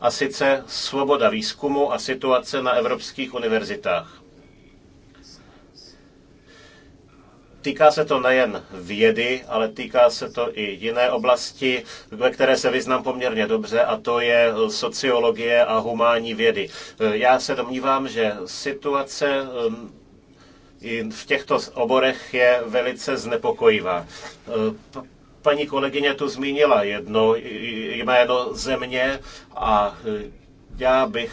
a sice svoboda výzkumu a situace na evropských univerzitách. Týká se to nejen vědy, ale týká se to i jiné oblasti, ve které se vyznám poměrně dobře, a to je sociologie a humánní vědy. Já se domnívám, že situace um, v těchto oborech je velice znepokojivá. Uh, Paní kolegyně tu zmínila jedno jméno země a eh, já bych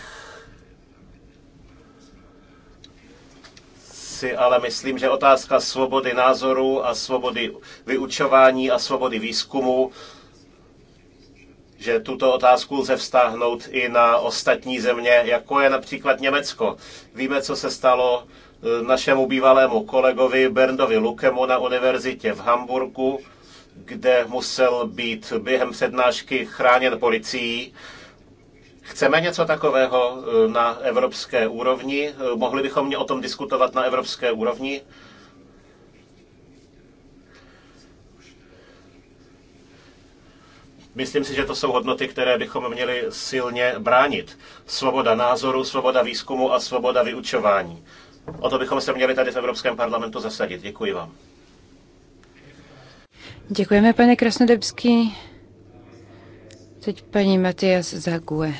si ale myslím, že otázka svobody názoru a svobody vyučování a svobody výzkumu že tuto otázku lze vztáhnout i na ostatní země, jako je například Německo. Víme, co se stalo eh, našemu bývalému kolegovi Berndovi Lukemu na univerzitě v Hamburgu, kde musel být během přednášky chráněn policií. Chceme něco takového e, na evropské úrovni? E, mohli bychom o tom diskutovat na evropské úrovni? Myslím si, že to jsou hodnoty, které bychom měli silně bránit. Svoboda názoru, svoboda výzkumu a svoboda vyučování. O to bychom se měli tady v Evropském parlamentu zasadit. Děkuji vám. Děkujeme, pane Krasnodebský. Teď paní Matias Zague.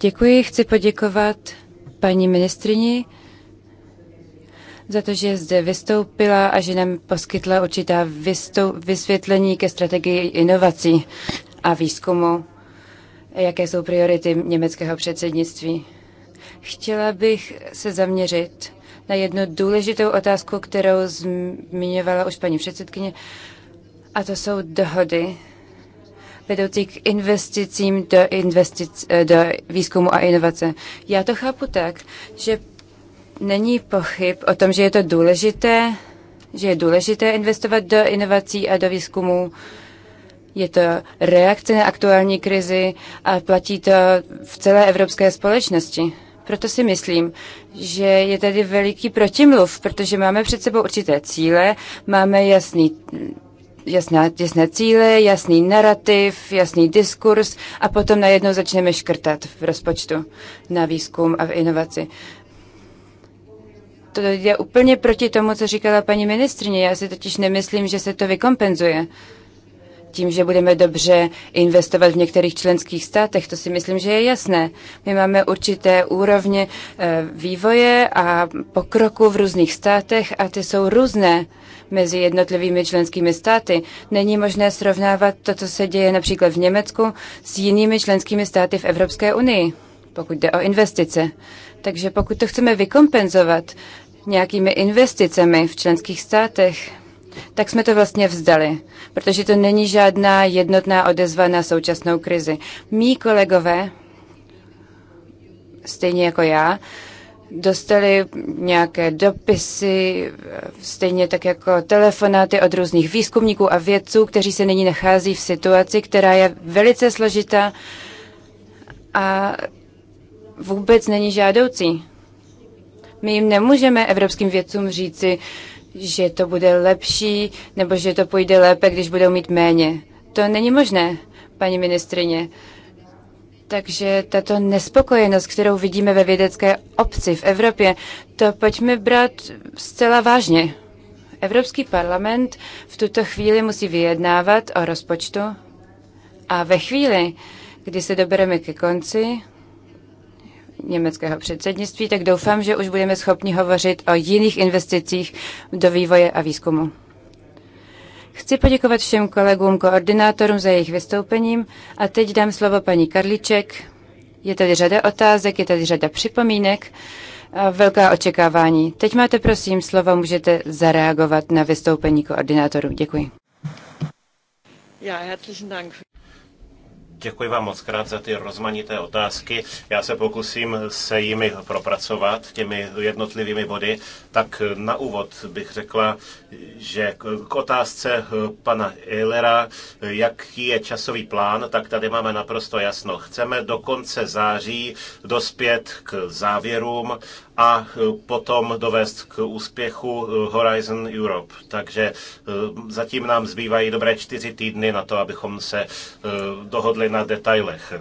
Děkuji, chci poděkovat paní ministrini za to, že zde vystoupila a že nám poskytla určitá vysvětlení ke strategii inovací a výzkumu, jaké jsou priority německého předsednictví. Chtěla bych se zaměřit na jednu důležitou otázku, kterou zmiňovala už paní předsedkyně, a to jsou dohody vedoucí k investicím do, investic, do výzkumu a inovace. Já to chápu tak, že není pochyb o tom, že je to důležité, že je důležité investovat do inovací a do výzkumu. Je to reakce na aktuální krizi a platí to v celé evropské společnosti. Proto si myslím, že je tady veliký protimluv, protože máme před sebou určité cíle, máme jasný jasná, jasné cíle, jasný narrativ, jasný diskurs a potom najednou začneme škrtat v rozpočtu na výzkum a v inovaci. To je úplně proti tomu, co říkala paní ministrině. Já si totiž nemyslím, že se to vykompenzuje tím, že budeme dobře investovat v některých členských státech. To si myslím, že je jasné. My máme určité úrovně eh, vývoje a pokroku v různých státech a ty jsou různé mezi jednotlivými členskými státy. Není možné srovnávat to, co se děje například v Německu, s jinými členskými státy v Evropské unii, pokud jde o investice. Takže pokud to chceme vykompenzovat nějakými investicemi v členských státech, tak jsme to vlastně vzdali, protože to není žádná jednotná odezva na současnou krizi. Mí kolegové, stejně jako já, dostali nějaké dopisy, stejně tak jako telefonáty od různých výzkumníků a vědců, kteří se nyní nachází v situaci, která je velice složitá a vůbec není žádoucí. My jim nemůžeme evropským vědcům říci, že to bude lepší nebo že to půjde lépe, když budou mít méně. To není možné, paní ministrině. Takže tato nespokojenost, kterou vidíme ve vědecké obci v Evropě, to pojďme brát zcela vážně. Evropský parlament v tuto chvíli musí vyjednávat o rozpočtu a ve chvíli, kdy se dobereme ke konci, německého předsednictví, tak doufám, že už budeme schopni hovořit o jiných investicích do vývoje a výzkumu. Chci poděkovat všem kolegům, koordinátorům za jejich vystoupením a teď dám slovo paní Karliček. Je tady řada otázek, je tady řada připomínek a velká očekávání. Teď máte prosím slovo, můžete zareagovat na vystoupení koordinátorů. Děkuji. Ja, herzlichen Dank. Děkuji vám moc krát za ty rozmanité otázky. Já se pokusím se jimi propracovat, těmi jednotlivými body. Tak na úvod bych řekla, že k otázce eh, pana Eilera, eh, jaký je časový plán, tak tady máme naprosto jasno. Chceme do konce září dospět k závěrům a potom dovést k úspěchu eh, Horizon Europe. Takže eh, zatím nám zbývají dobré čtyři týdny na to, abychom se eh, dohodli na detailech.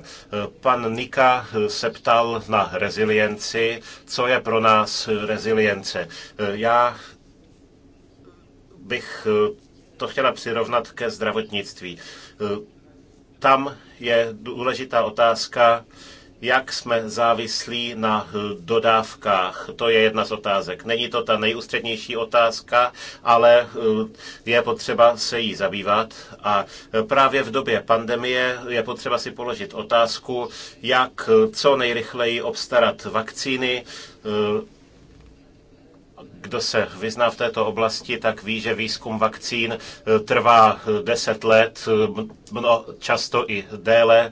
Pan Nika se ptal na rezilienci. Co je pro nás rezilience? Já bych to chtěla přirovnat ke zdravotnictví. Tam je důležitá otázka, jak jsme závislí na dodávkách. To je jedna z otázek. Není to ta nejústřednější otázka, ale eh, je potřeba se jí zabývat. A eh, právě v době pandemie je potřeba si položit otázku, jak eh, co nejrychleji obstarat vakcíny, kdo se vyzná v této oblasti, tak ví, že výzkum vakcín trvá 10 let, mno, často i déle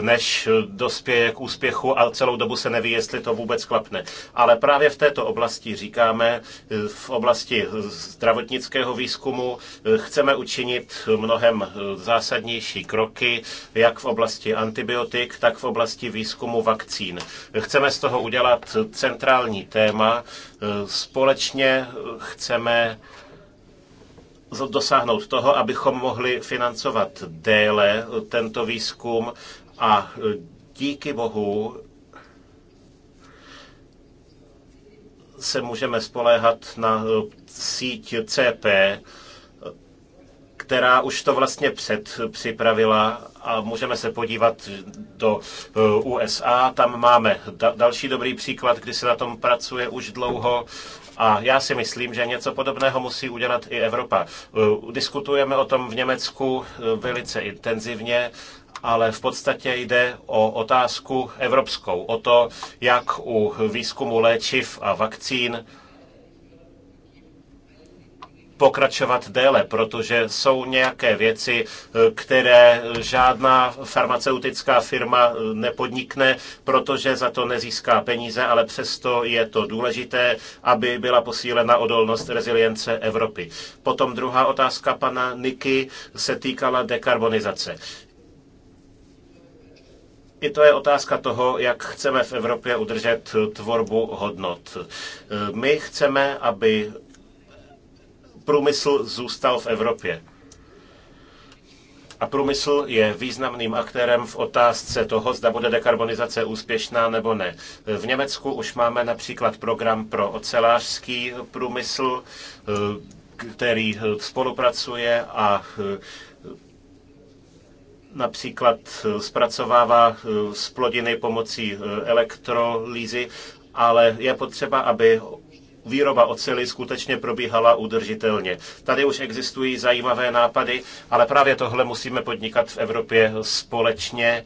než dospěje k úspěchu a celou dobu se neví, jestli to vůbec klapne. Ale právě v této oblasti říkáme, v oblasti zdravotnického výzkumu chceme učinit mnohem zásadnější kroky, jak v oblasti antibiotik, tak v oblasti výzkumu vakcín. Chceme z toho udělat centrální téma. Společně chceme dosáhnout toho, abychom mohli financovat déle tento výzkum a e, díky bohu se můžeme spoléhat na e, síť CP, která už to vlastně předpřipravila e, a můžeme se podívat do USA. Tam máme další dobrý příklad, kdy se na tom pracuje už dlouho. A já si myslím, že něco podobného musí udělat i Evropa. Diskutujeme o tom v Německu velice intenzivně ale v podstatě jde o otázku evropskou, o to, jak u výzkumu léčiv a vakcín pokračovat déle, protože jsou nějaké věci, které žádná farmaceutická firma nepodnikne, protože za to nezíská peníze, ale přesto je to důležité, aby byla posílena odolnost rezilience Evropy. Potom druhá otázka pana Niky se týkala dekarbonizace. I to je otázka toho, jak chceme v Evropě udržet tvorbu hodnot. My chceme, aby průmysl zůstal v Evropě. A průmysl je významným aktérem v otázce toho, zda bude dekarbonizace úspěšná nebo ne. V Německu už máme například program pro ocelářský průmysl, který spolupracuje a například eh, zpracovává eh, plodiny pomocí eh, elektrolýzy, ale je potřeba, aby výroba oceli skutečně probíhala udržitelně. Tady už existují zajímavé nápady, ale právě tohle musíme podnikat v Evropě společně,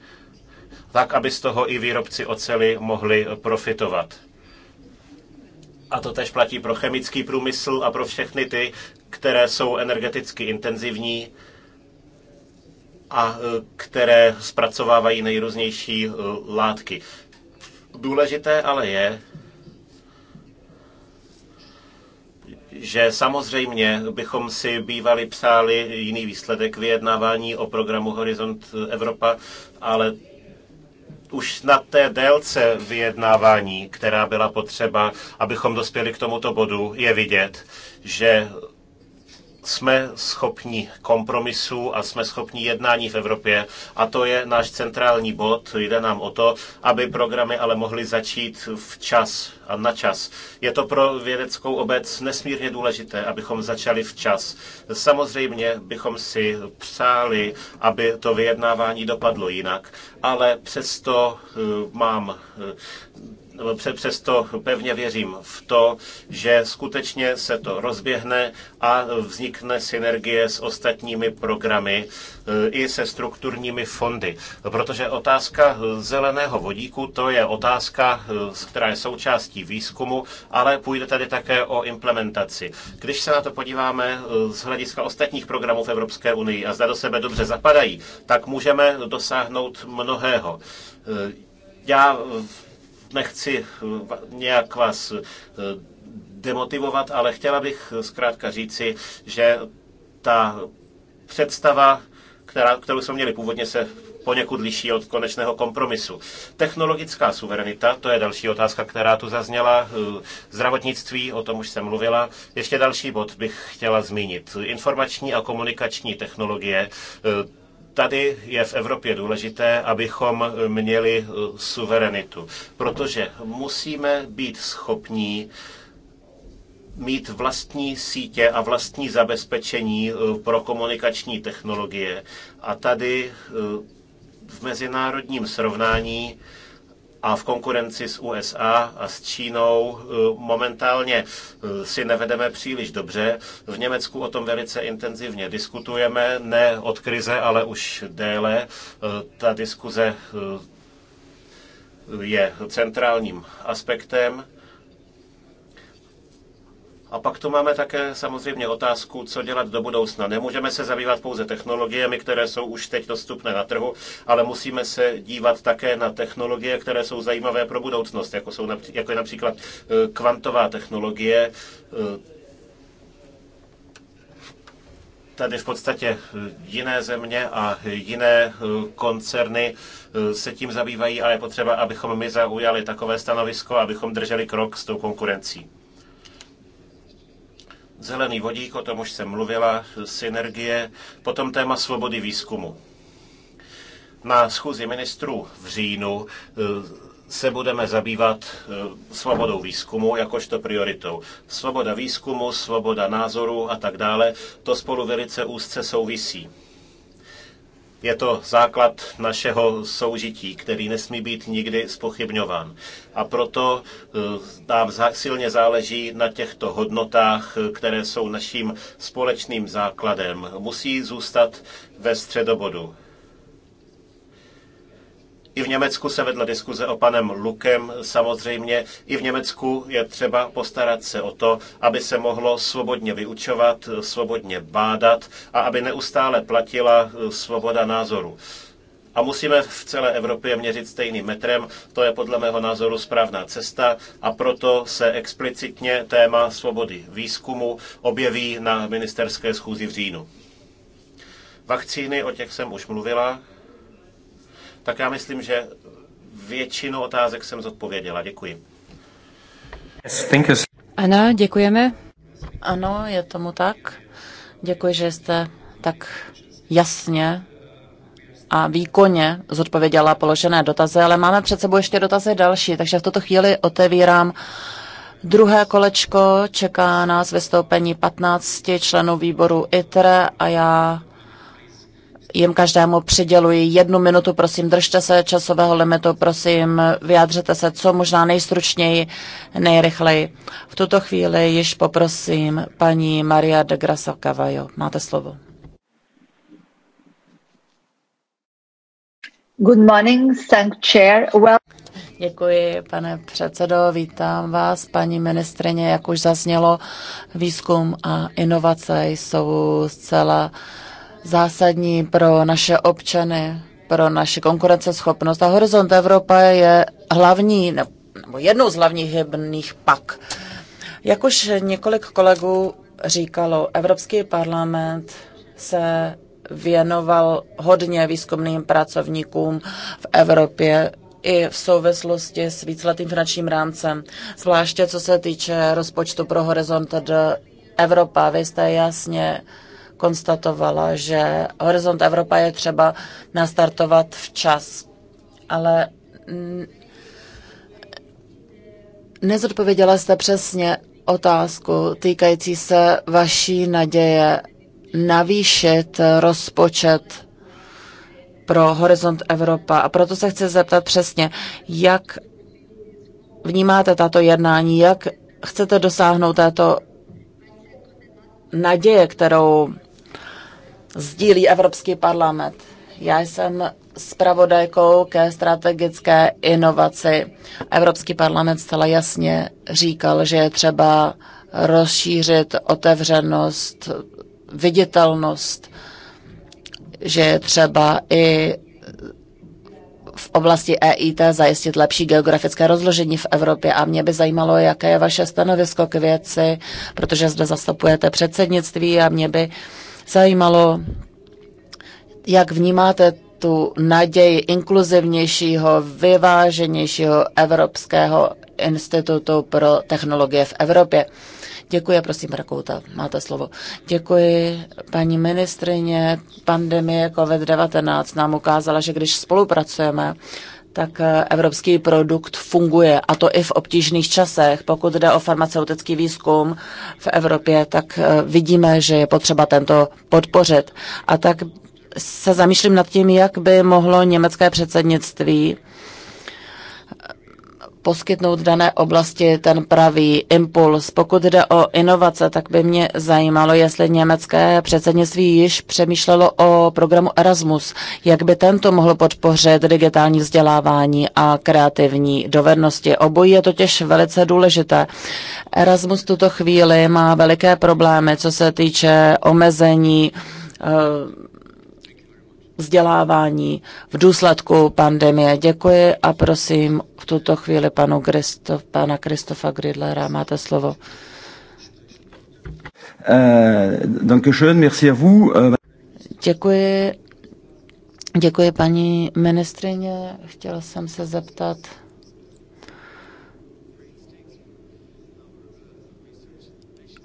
tak, aby z toho i výrobci oceli mohli profitovat. A to tež platí pro chemický průmysl a pro všechny ty, které jsou energeticky intenzivní a e, které zpracovávají nejrůznější e, látky. Důležité ale je, že samozřejmě bychom si bývali psáli jiný výsledek vyjednávání o programu Horizont Evropa, ale už na té délce vyjednávání, která byla potřeba, abychom dospěli k tomuto bodu, je vidět, že jsme schopni kompromisu a jsme schopni jednání v Evropě. A to je náš centrální bod. Jde nám o to, aby programy ale mohly začít včas a na čas. Je to pro vědeckou obec nesmírně důležité, abychom začali včas. Samozřejmě bychom si přáli, aby to vyjednávání dopadlo jinak, ale přesto eh, mám eh, přesto pevně věřím v to, že skutečně se to rozběhne a vznikne synergie s ostatními programy eh, i se strukturními fondy. Protože otázka eh, zeleného vodíku, to je otázka, eh, která je součástí výzkumu, ale půjde tady také o implementaci. Když se na to podíváme z hlediska ostatních programů v Evropské unii a zda do sebe dobře zapadají, tak můžeme dosáhnout mnohého. Já nechci eh, nějak vás eh, demotivovat, ale chtěla bych eh, zkrátka říci, že ta představa, která, kterou jsme měli původně, se poněkud liší od konečného kompromisu. Technologická suverenita, to je další otázka, která tu zazněla. Zdravotnictví, o tom už jsem mluvila. Ještě další bod bych chtěla zmínit. Informační a komunikační technologie, tady je v Evropě důležité, abychom měli eh, suverenitu, protože musíme být schopní mít vlastní sítě a vlastní zabezpečení eh, pro komunikační technologie. A tady eh, v mezinárodním srovnání a v konkurenci s USA a s Čínou eh, momentálně eh, si nevedeme příliš dobře. V Německu o tom velice intenzivně diskutujeme, ne od krize, ale už déle. Eh, ta diskuze je centrálním aspektem. A pak tu máme také samozřejmě otázku, co dělat do budoucna. Nemůžeme se zabývat pouze technologiemi, které jsou už teď dostupné na trhu, ale musíme se dívat také na technologie, které jsou zajímavé pro budoucnost, jako, jsou, jako je například eh, kvantová technologie. Eh, tady v podstatě eh, jiné země a jiné koncerny se tím zabývají a je potřeba, abychom my zaujali takové stanovisko, abychom drželi krok s tou konkurencí. Zelený vodík, o tom už jsem mluvila, synergie, potom téma svobody výzkumu. Na schůzi ministrů v říjnu eh, se budeme zabývat eh, svobodou výzkumu jakožto prioritou. Svoboda výzkumu, svoboda názoru a tak dále, to spolu velice úzce souvisí. Je to základ našeho soužití, který nesmí být nikdy spochybňován. A proto eh, nám silně záleží na těchto hodnotách, které jsou naším společným základem. Musí zůstat ve středobodu. I v Německu se vedla diskuze o panem Lukem samozřejmě. I v Německu je třeba postarat se o to, aby se mohlo svobodně vyučovat, svobodně bádat a aby neustále platila eh, svoboda názoru. A musíme v celé Evropě měřit stejným metrem. To je podle mého názoru správná cesta a proto se explicitně téma svobody výzkumu objeví na ministerské schůzi v říjnu. Vakcíny, o těch jsem už mluvila tak já myslím, že většinu otázek jsem zodpověděla. Děkuji. Ano, děkujeme. Ano, je tomu tak. Děkuji, že jste tak jasně a výkonně zodpověděla položené dotazy, ale máme před sebou ještě dotazy další, takže v tuto chvíli otevírám druhé kolečko. Čeká nás vystoupení 15 členů výboru ITRE a já jim každému přiděluji jednu minutu, prosím, držte se časového limitu, prosím, vyjádřete se co možná nejstručněji, nejrychleji. V tuto chvíli již poprosím paní Maria de Grasa Cavallo. Máte slovo. Good morning, thank chair. Well... Děkuji, pane předsedo. Vítám vás, paní ministrině. Jak už zaznělo, výzkum a inovace jsou zcela uh, zásadní pro naše občany, pro naši konkurenceschopnost. A Horizont Evropa je hlavní, nebo jednou z hlavních hybných pak. Jak už několik kolegů říkalo, Evropský parlament se věnoval hodně výzkumným pracovníkům v Evropě i v souvislosti s víceletým finančním rámcem, zvláště co se týče rozpočtu pro Horizont Evropa. Vy jste jasně uh, konstatovala, že Horizont Evropa je třeba nastartovat včas. Ale nezodpověděla jste přesně otázku týkající se vaší naděje navýšit rozpočet pro Horizont Evropa. A proto se chci zeptat přesně, jak vnímáte tato jednání, jak chcete dosáhnout této naděje, kterou sdílí Evropský parlament. Já jsem zpravodajkou ke strategické inovaci. Evropský parlament zcela jasně říkal, že je třeba rozšířit otevřenost, viditelnost, že je třeba i v oblasti EIT zajistit lepší geografické rozložení v Evropě a mě by zajímalo, jaké je vaše stanovisko k věci, protože zde zastupujete předsednictví a mě by uh, zajímalo, jak vnímáte tu naději inkluzivnějšího, vyváženějšího Evropského institutu pro technologie v Evropě. Děkuji, prosím, Rakouta, máte slovo. Děkuji, paní ministrině. Pandemie COVID-19 nám ukázala, že když spolupracujeme, tak eh, evropský produkt funguje, a to i v obtížných časech. Pokud jde o farmaceutický výzkum v Evropě, tak eh, vidíme, že je potřeba tento podpořit. A tak se zamýšlím nad tím, jak by mohlo německé předsednictví poskytnout dané oblasti ten pravý impuls. Pokud jde o inovace, tak by mě zajímalo, jestli německé předsednictví již přemýšlelo o programu Erasmus. Jak by tento mohl podpořit digitální vzdělávání a kreativní dovednosti? Obojí je totiž velice důležité. Erasmus tuto chvíli má veliké problémy, co se týče omezení uh, vzdělávání v důsledku pandemie. Děkuji a prosím v tuto chvíli panu Christof, pana Kristofa Gridlera. Máte slovo. Eh, merci à vous. Euh, Děkuji. Děkuji, paní ministrině. Chtěla jsem se zeptat,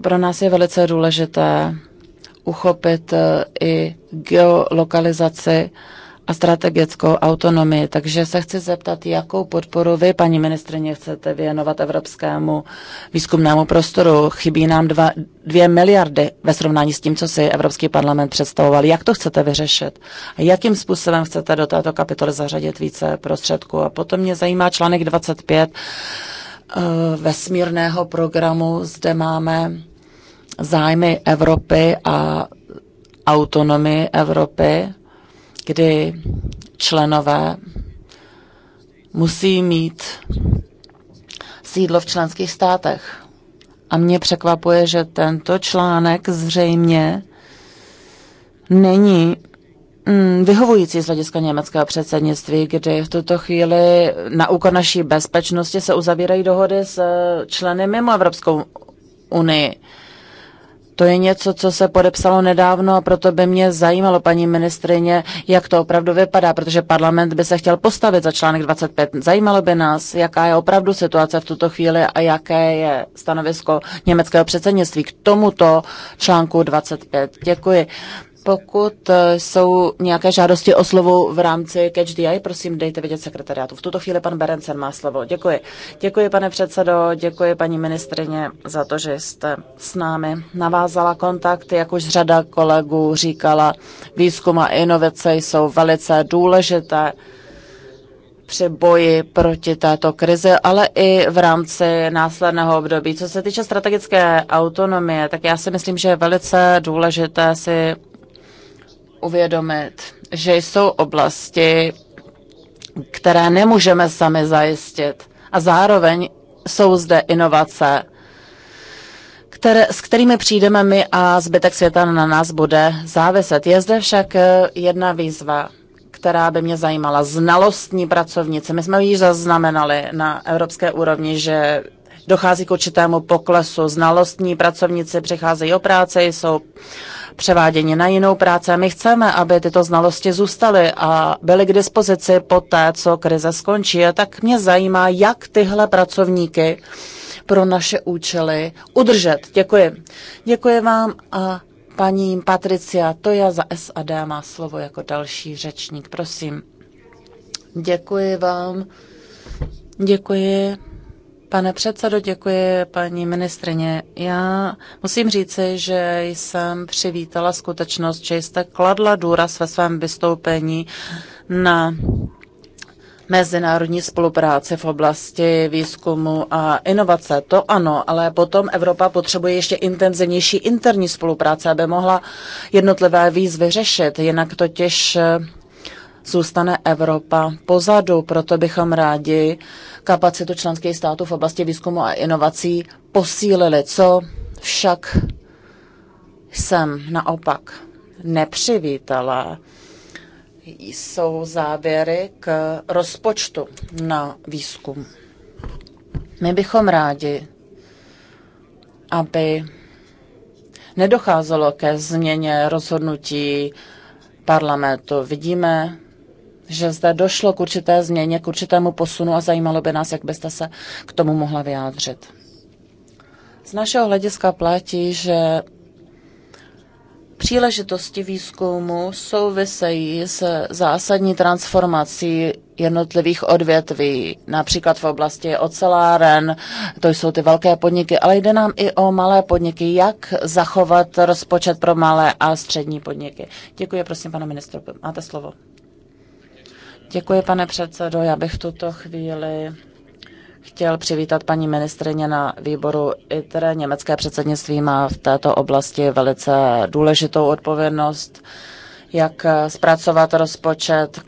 pro nás je velice důležité, uchopit eh, i geolokalizaci a strategickou autonomii. Takže se chci zeptat, jakou podporu vy, paní ministrině, chcete věnovat evropskému výzkumnému prostoru. Chybí nám dva, dvě miliardy ve srovnání s tím, co si Evropský parlament představoval. Jak to chcete vyřešit? A jakým způsobem chcete do této kapitoly zařadit více prostředků? A potom mě zajímá článek 25 eh, vesmírného programu. Zde máme zájmy Evropy a autonomii Evropy, kdy členové musí mít sídlo v členských státech. A mě překvapuje, že tento článek zřejmě není mm, vyhovující z hlediska německého předsednictví, kdy v tuto chvíli na úkor naší bezpečnosti se uzavírají dohody s členy mimo Evropskou unii. To je něco, co se podepsalo nedávno a proto by mě zajímalo, paní ministrině, jak to opravdu vypadá, protože parlament by se chtěl postavit za článek 25. Zajímalo by nás, jaká je opravdu situace v tuto chvíli a jaké je stanovisko německého předsednictví k tomuto článku 25. Děkuji. Pokud eh, jsou nějaké žádosti o slovo v rámci Catch the Eye, prosím, dejte vědět sekretariátu. V tuto chvíli pan Berencen má slovo. Děkuji. Děkuji, pane předsedo, děkuji paní ministrině za to, že jste s námi navázala kontakt. Jak už řada kolegů říkala, výzkum a inovace jsou velice důležité při boji proti této krizi, ale i v rámci následného období. Co se týče strategické autonomie, tak já si myslím, že je velice důležité si uvědomit, že jsou oblasti, které nemůžeme sami zajistit. A zároveň jsou zde inovace, které, s kterými přijdeme my a zbytek světa na nás bude záviset. Je zde však eh, jedna výzva, která by mě zajímala. Znalostní pracovnice. My jsme již zaznamenali na evropské úrovni, že dochází k určitému poklesu. Znalostní pracovníci přicházejí o práci, jsou převáděni na jinou práci. My chceme, aby tyto znalosti zůstaly a byly k dispozici po té, co krize skončí. a Tak mě zajímá, jak tyhle pracovníky pro naše účely udržet. Děkuji. Děkuji vám a paní Patricia Toja za SAD má slovo jako další řečník. Prosím. Děkuji vám. Děkuji. Pane předsedo, děkuji paní ministrině. Já musím říci, že jsem přivítala skutečnost, že jste kladla důraz ve svém vystoupení na mezinárodní spolupráci v oblasti výzkumu a inovace. To ano, ale potom Evropa potřebuje ještě intenzivnější interní spolupráce, aby mohla jednotlivé výzvy řešit. Jinak totiž zůstane Evropa pozadu. Proto bychom rádi kapacitu členských států v oblasti výzkumu a inovací posílili, co však jsem naopak nepřivítala. Jsou závěry k rozpočtu na výzkum. My bychom rádi, aby nedocházelo ke změně rozhodnutí parlamentu. Vidíme že zde došlo k určité změně, k určitému posunu a zajímalo by nás, jak byste se k tomu mohla vyjádřit. Z našeho hlediska platí, že příležitosti výzkumu souvisejí s zásadní transformací jednotlivých odvětví, například v oblasti oceláren, to jsou ty velké podniky, ale jde nám i o malé podniky. Jak zachovat rozpočet pro malé a střední podniky? Děkuji, prosím, pane ministro, máte slovo. Děkuji, pane předsedo. Já bych v tuto chvíli chtěl přivítat paní ministrině na výboru ITRE. Německé předsednictví má v této oblasti velice důležitou odpovědnost, jak zpracovat rozpočet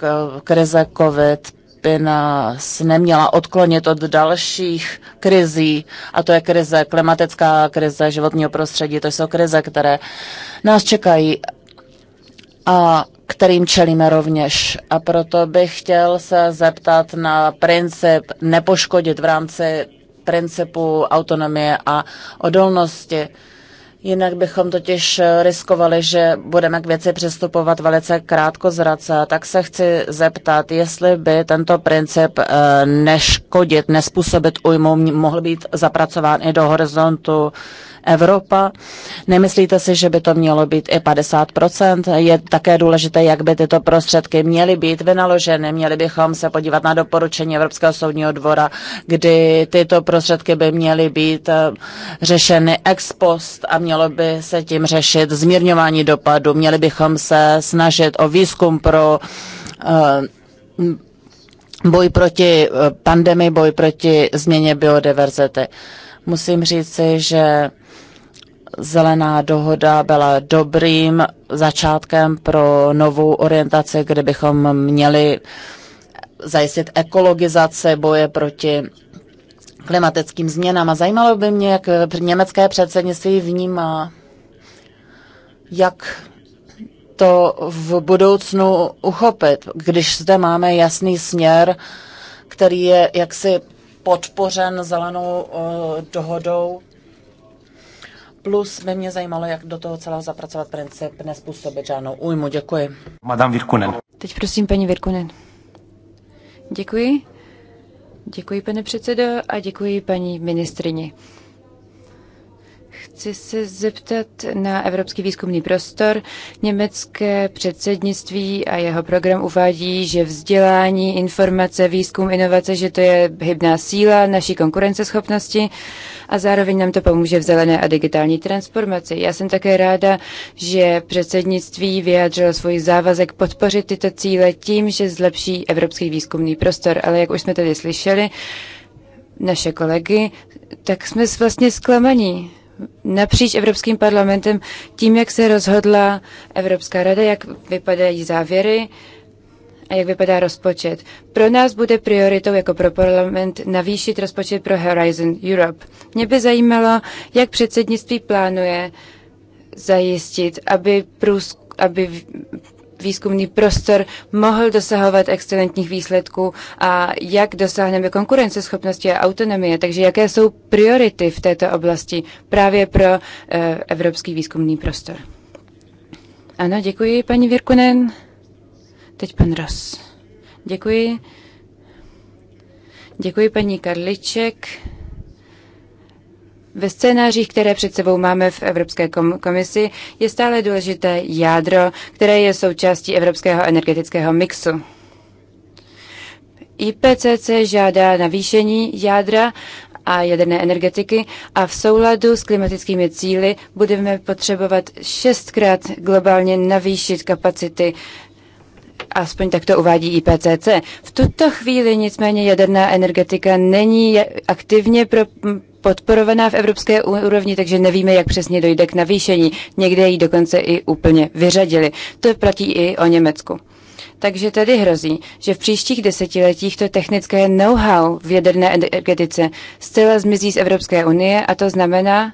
krize COVID, by nás neměla odklonit od dalších krizí, a to je krize klimatická, krize životního prostředí, to jsou krize, které nás čekají. A kterým čelíme rovněž. A proto bych chtěl se zeptat na princip nepoškodit v rámci principu autonomie a odolnosti. Jinak bychom totiž eh, riskovali, že budeme k věci přistupovat velice krátko zrace. Tak se chci zeptat, jestli by tento princip eh, neškodit, nespůsobit ujmu, mohl být zapracován i do horizontu Evropa. Nemyslíte si, že by to mělo být i 50%? Je také důležité, jak by tyto prostředky měly být vynaloženy. Měli bychom se podívat na doporučení Evropského soudního dvora, kdy tyto prostředky by měly být eh, řešeny ex post a mělo by se tím řešit zmírňování dopadu, měli bychom se snažit o výzkum pro uh, boj proti eh, pandemii, boj proti změně biodiverzity. Musím říci, že zelená dohoda byla dobrým začátkem pro novou orientaci, kde bychom měli zajistit ekologizaci boje proti klimatickým změnám. A zajímalo by mě, jak eh, německé předsednictví vnímá, jak to v budoucnu uchopit, když zde máme jasný směr, který je jaksi podpořen zelenou eh, dohodou. Plus by mě zajímalo, jak do toho celého zapracovat princip nespůsobit žádnou újmu. Děkuji. Madame Virkunen. Teď prosím paní Virkunen. Děkuji. Děkuji, pane předsedo, a děkuji paní ministrině. Chci se zeptat na Evropský výzkumný prostor. Německé předsednictví a jeho program uvádí, že vzdělání, informace, výzkum, inovace, že to je hybná síla naší konkurenceschopnosti a zároveň nám to pomůže v zelené a digitální transformaci. Já jsem také ráda, že předsednictví vyjádřilo svůj závazek podpořit tyto cíle tím, že zlepší Evropský výzkumný prostor. Ale jak už jsme tady slyšeli, naše kolegy, tak jsme vlastně zklamaní napříč Evropským parlamentem tím, jak se rozhodla Evropská rada, jak vypadají závěry a jak vypadá rozpočet. Pro nás bude prioritou jako pro parlament navýšit rozpočet pro Horizon Europe. Mě by zajímalo, jak předsednictví plánuje zajistit, aby, průz, aby výzkumný prostor mohl dosahovat excelentních výsledků a jak dosáhneme konkurenceschopnosti a autonomie. Takže jaké jsou priority v této oblasti právě pro eh, evropský výzkumný prostor? Ano, děkuji, paní Virkunen. Teď pan Ross. Děkuji. Děkuji, paní Karliček ve scénářích, které před sebou máme v Evropské komisi, je stále důležité jádro, které je součástí evropského energetického mixu. IPCC žádá navýšení jádra a jaderné energetiky a v souladu s klimatickými cíly budeme potřebovat šestkrát globálně navýšit kapacity aspoň tak to uvádí IPCC. V tuto chvíli nicméně jaderná energetika není aktivně pro, podporovaná v evropské úrovni, takže nevíme, jak přesně dojde k navýšení. Někde ji dokonce i úplně vyřadili. To platí i o Německu. Takže tedy hrozí, že v příštích desetiletích to technické know-how v jaderné energetice zcela zmizí z Evropské unie a to znamená,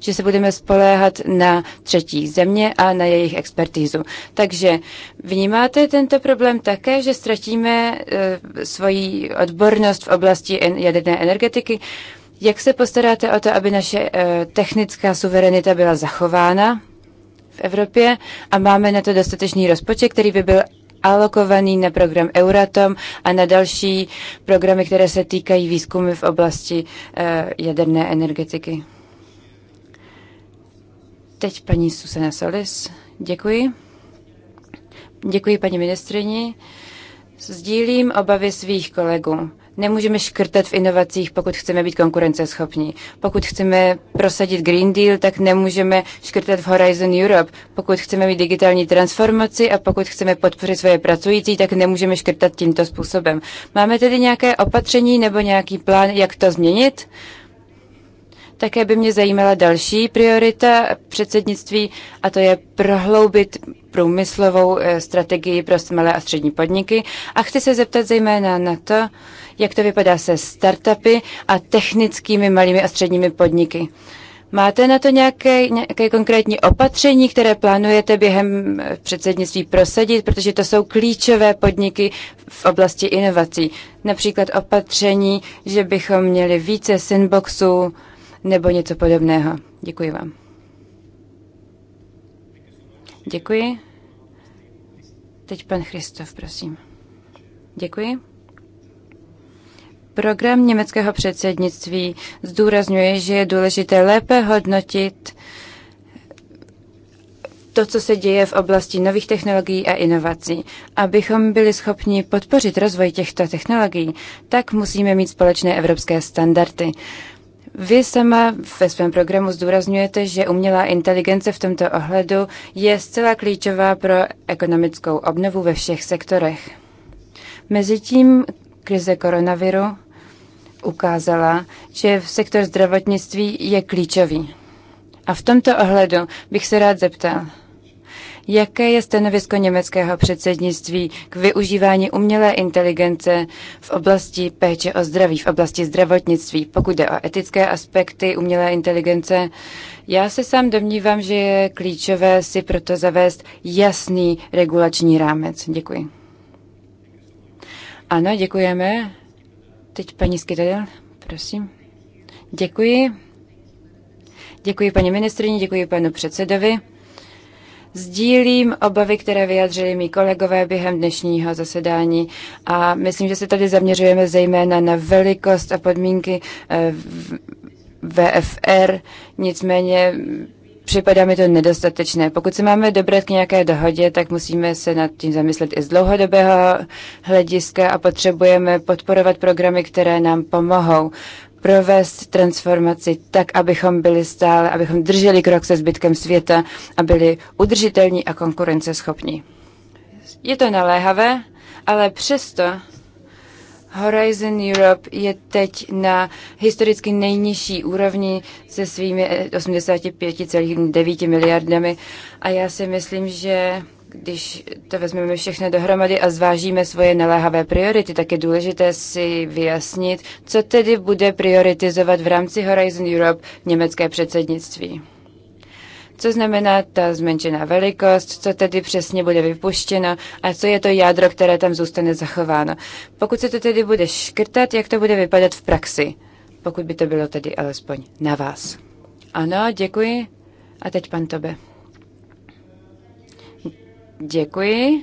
že se budeme spoléhat na třetí země a na jejich expertízu. Takže vnímáte tento problém také, že ztratíme e, svoji odbornost v oblasti jaderné energetiky? Jak se postaráte o to, aby naše eh, technická suverenita byla zachována v Evropě a máme na to dostatečný rozpočet, který by byl alokovaný na program Euratom a na další programy, které se týkají výzkumy v oblasti eh, jaderné energetiky. Teď paní Susana Solis. Děkuji. Děkuji paní ministrini. Sdílím obavy svých kolegů. Nemůžeme škrtat v inovacích, pokud chceme být konkurenceschopní. Pokud chceme prosadit Green Deal, tak nemůžeme škrtat v Horizon Europe. Pokud chceme mít digitální transformaci a pokud chceme podpořit svoje pracující, tak nemůžeme škrtat tímto způsobem. Máme tedy nějaké opatření nebo nějaký plán, jak to změnit? Také by mě zajímala další priorita předsednictví, a to je prohloubit průmyslovou eh, strategii pro malé a střední podniky. A chci se zeptat zejména na to, jak to vypadá se startupy a technickými malými a středními podniky. Máte na to nějaké, nějaké konkrétní opatření, které plánujete během eh, předsednictví prosadit, protože to jsou klíčové podniky v oblasti inovací. Například opatření, že bychom měli více sandboxů nebo něco podobného. Děkuji vám. Děkuji. Teď pan Christof, prosím. Děkuji. Program německého předsednictví zdůrazňuje, že je důležité lépe hodnotit to, co se děje v oblasti nových technologií a inovací. Abychom byli schopni podpořit rozvoj těchto technologií, tak musíme mít společné evropské standardy. Vy sama ve svém programu zdůrazňujete, že umělá inteligence v tomto ohledu je zcela klíčová pro ekonomickou obnovu ve všech sektorech. Mezitím krize koronaviru ukázala, že v sektor zdravotnictví je klíčový. A v tomto ohledu bych se rád zeptal, Jaké je stanovisko německého předsednictví k využívání umělé inteligence v oblasti péče o zdraví, v oblasti zdravotnictví, pokud jde o etické aspekty umělé inteligence? Já se sám domnívám, že je klíčové si proto zavést jasný regulační rámec. Děkuji. Ano, děkujeme. Teď paní Skytadel, prosím. Děkuji. Děkuji paní ministrině, děkuji panu předsedovi sdílím obavy, které vyjadřili mý kolegové během dnešního zasedání a myslím, že se tady zaměřujeme zejména na velikost a podmínky eh, VFR, nicméně mm, připadá mi to nedostatečné. Pokud se máme dobrat k nějaké dohodě, tak musíme se nad tím zamyslet i z dlouhodobého hlediska a potřebujeme podporovat programy, které nám pomohou provést transformaci tak, abychom byli stále, abychom drželi krok se zbytkem světa a byli udržitelní a konkurenceschopní. Je to naléhavé, ale přesto Horizon Europe je teď na historicky nejnižší úrovni se svými eh, 85,9 miliardami a já si myslím, že když to vezmeme všechno dohromady a zvážíme svoje naléhavé priority, tak je důležité si vyjasnit, co tedy bude prioritizovat v rámci Horizon Europe německé předsednictví. Co znamená ta zmenšená velikost, co tedy přesně bude vypuštěno a co je to jádro, které tam zůstane zachováno. Pokud se to tedy bude škrtat, jak to bude vypadat v praxi, pokud by to bylo tedy alespoň na vás. Ano, děkuji. A teď pan Tobe. Děkuji.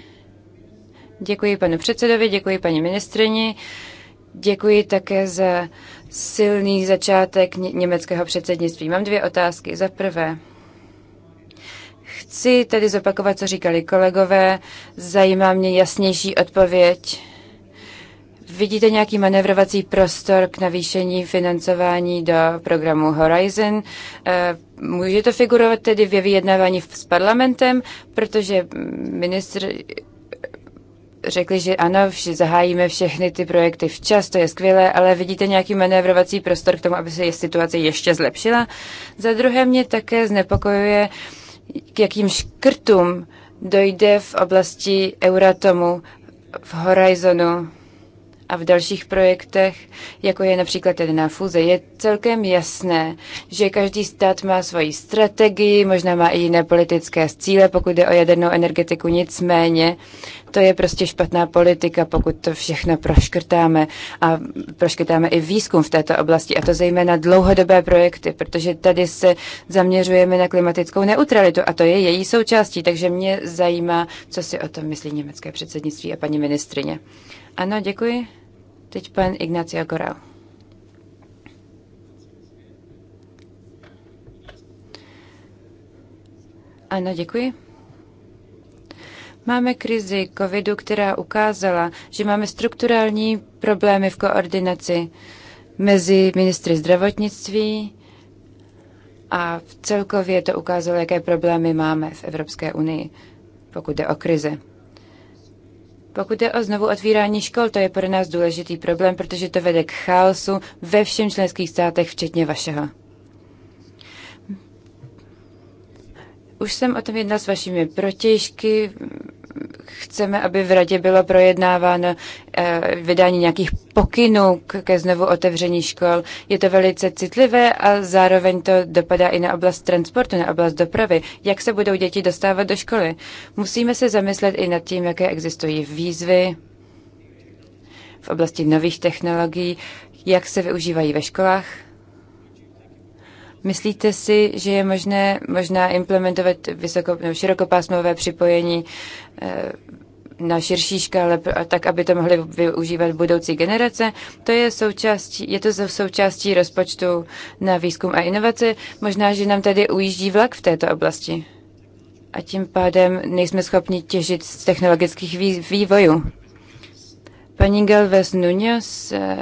Děkuji panu předsedovi, děkuji paní ministrini, děkuji také za silný začátek německého předsednictví. Mám dvě otázky. Za prvé, chci tedy zopakovat, co říkali kolegové. Zajímá mě jasnější odpověď Vidíte nějaký manevrovací prostor k navýšení financování do programu Horizon? Eh, může to figurovat tedy ve vyjednávání s parlamentem, protože ministr řekli, že ano, že zahájíme všechny ty projekty včas, to je skvělé, ale vidíte nějaký manévrovací prostor k tomu, aby se situace ještě zlepšila? Za druhé mě také znepokojuje, k jakým škrtům dojde v oblasti Euratomu v Horizonu a v dalších projektech, jako je například jedna fúze, je celkem jasné, že každý stát má svoji strategii, možná má i jiné politické cíle, pokud jde o jadernou energetiku, nicméně to je prostě špatná politika, pokud to všechno proškrtáme a proškrtáme i výzkum v této oblasti, a to zejména dlouhodobé projekty, protože tady se zaměřujeme na klimatickou neutralitu a to je její součástí, takže mě zajímá, co si o tom myslí německé předsednictví a paní ministrině. Ano, děkuji. Teď pan Ignacio Corral. Ano, děkuji. Máme krizi covidu, která ukázala, že máme strukturální problémy v koordinaci mezi ministry zdravotnictví a celkově to ukázalo, jaké problémy máme v Evropské unii, pokud jde o krize. Pokud je o znovu otvírání škol, to je pro nás důležitý problém, protože to vede k chaosu ve všem členských státech, včetně vašeho. Už jsem o tom jednal s vašimi protěžky, chceme, aby v radě bylo projednáváno eh, vydání nějakých pokynů ke znovu otevření škol. Je to velice citlivé a zároveň to dopadá i na oblast transportu, na oblast dopravy. Jak se budou děti dostávat do školy? Musíme se zamyslet i nad tím, jaké existují výzvy v oblasti nových technologií, jak se využívají ve školách Myslíte si, že je možné možná implementovat vysoko, no, širokopásmové připojení eh, na širší škále, tak aby to mohly využívat budoucí generace. To je součástí, je to součástí rozpočtu na výzkum a inovace. Možná, že nám tady ujíždí vlak v této oblasti. A tím pádem nejsme schopni těžit z technologických vývojů. Paní Galvez Nunez eh,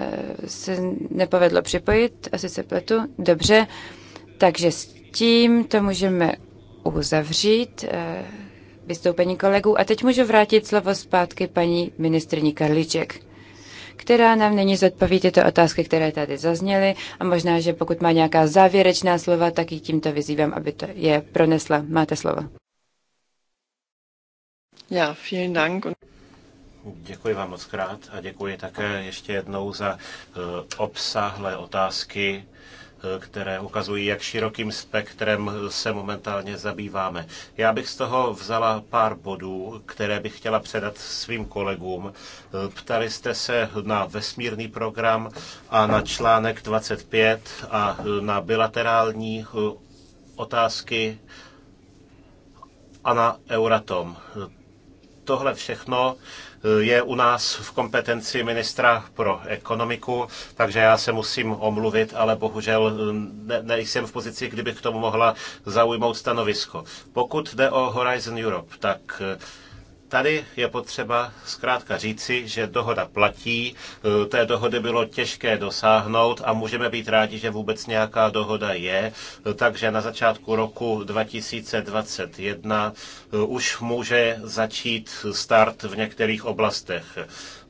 se, nepovedlo připojit, asi se pletu. Dobře. Takže s tím to můžeme uzavřít eh, vystoupení kolegů. A teď můžu vrátit slovo zpátky paní ministrní Karliček, která nám nyní zodpoví tyto otázky, které tady zazněly. A možná, že pokud má nějaká závěrečná slova, tak ji tímto vyzývám, aby to je pronesla. Máte slovo. Ja, vielen Dank. Děkuji vám moc krát a děkuji také ještě jednou za eh, obsáhlé otázky které ukazují, jak širokým spektrem se momentálně zabýváme. Já bych z toho vzala pár bodů, které bych chtěla předat svým kolegům. Ptali jste se na vesmírný program a na článek 25 a na bilaterální otázky a na Euratom. Tohle všechno eh, je u nás v kompetenci ministra pro ekonomiku, takže já se musím omluvit, ale bohužel eh, ne, nejsem v pozici, kdybych k tomu mohla zaujmout stanovisko. Pokud jde o Horizon Europe, tak eh, Tady je potřeba zkrátka říci, že dohoda platí, e, té dohody bylo těžké dosáhnout a můžeme být rádi, že vůbec nějaká dohoda je, e, takže na začátku roku 2021 e, už může začít start v některých oblastech.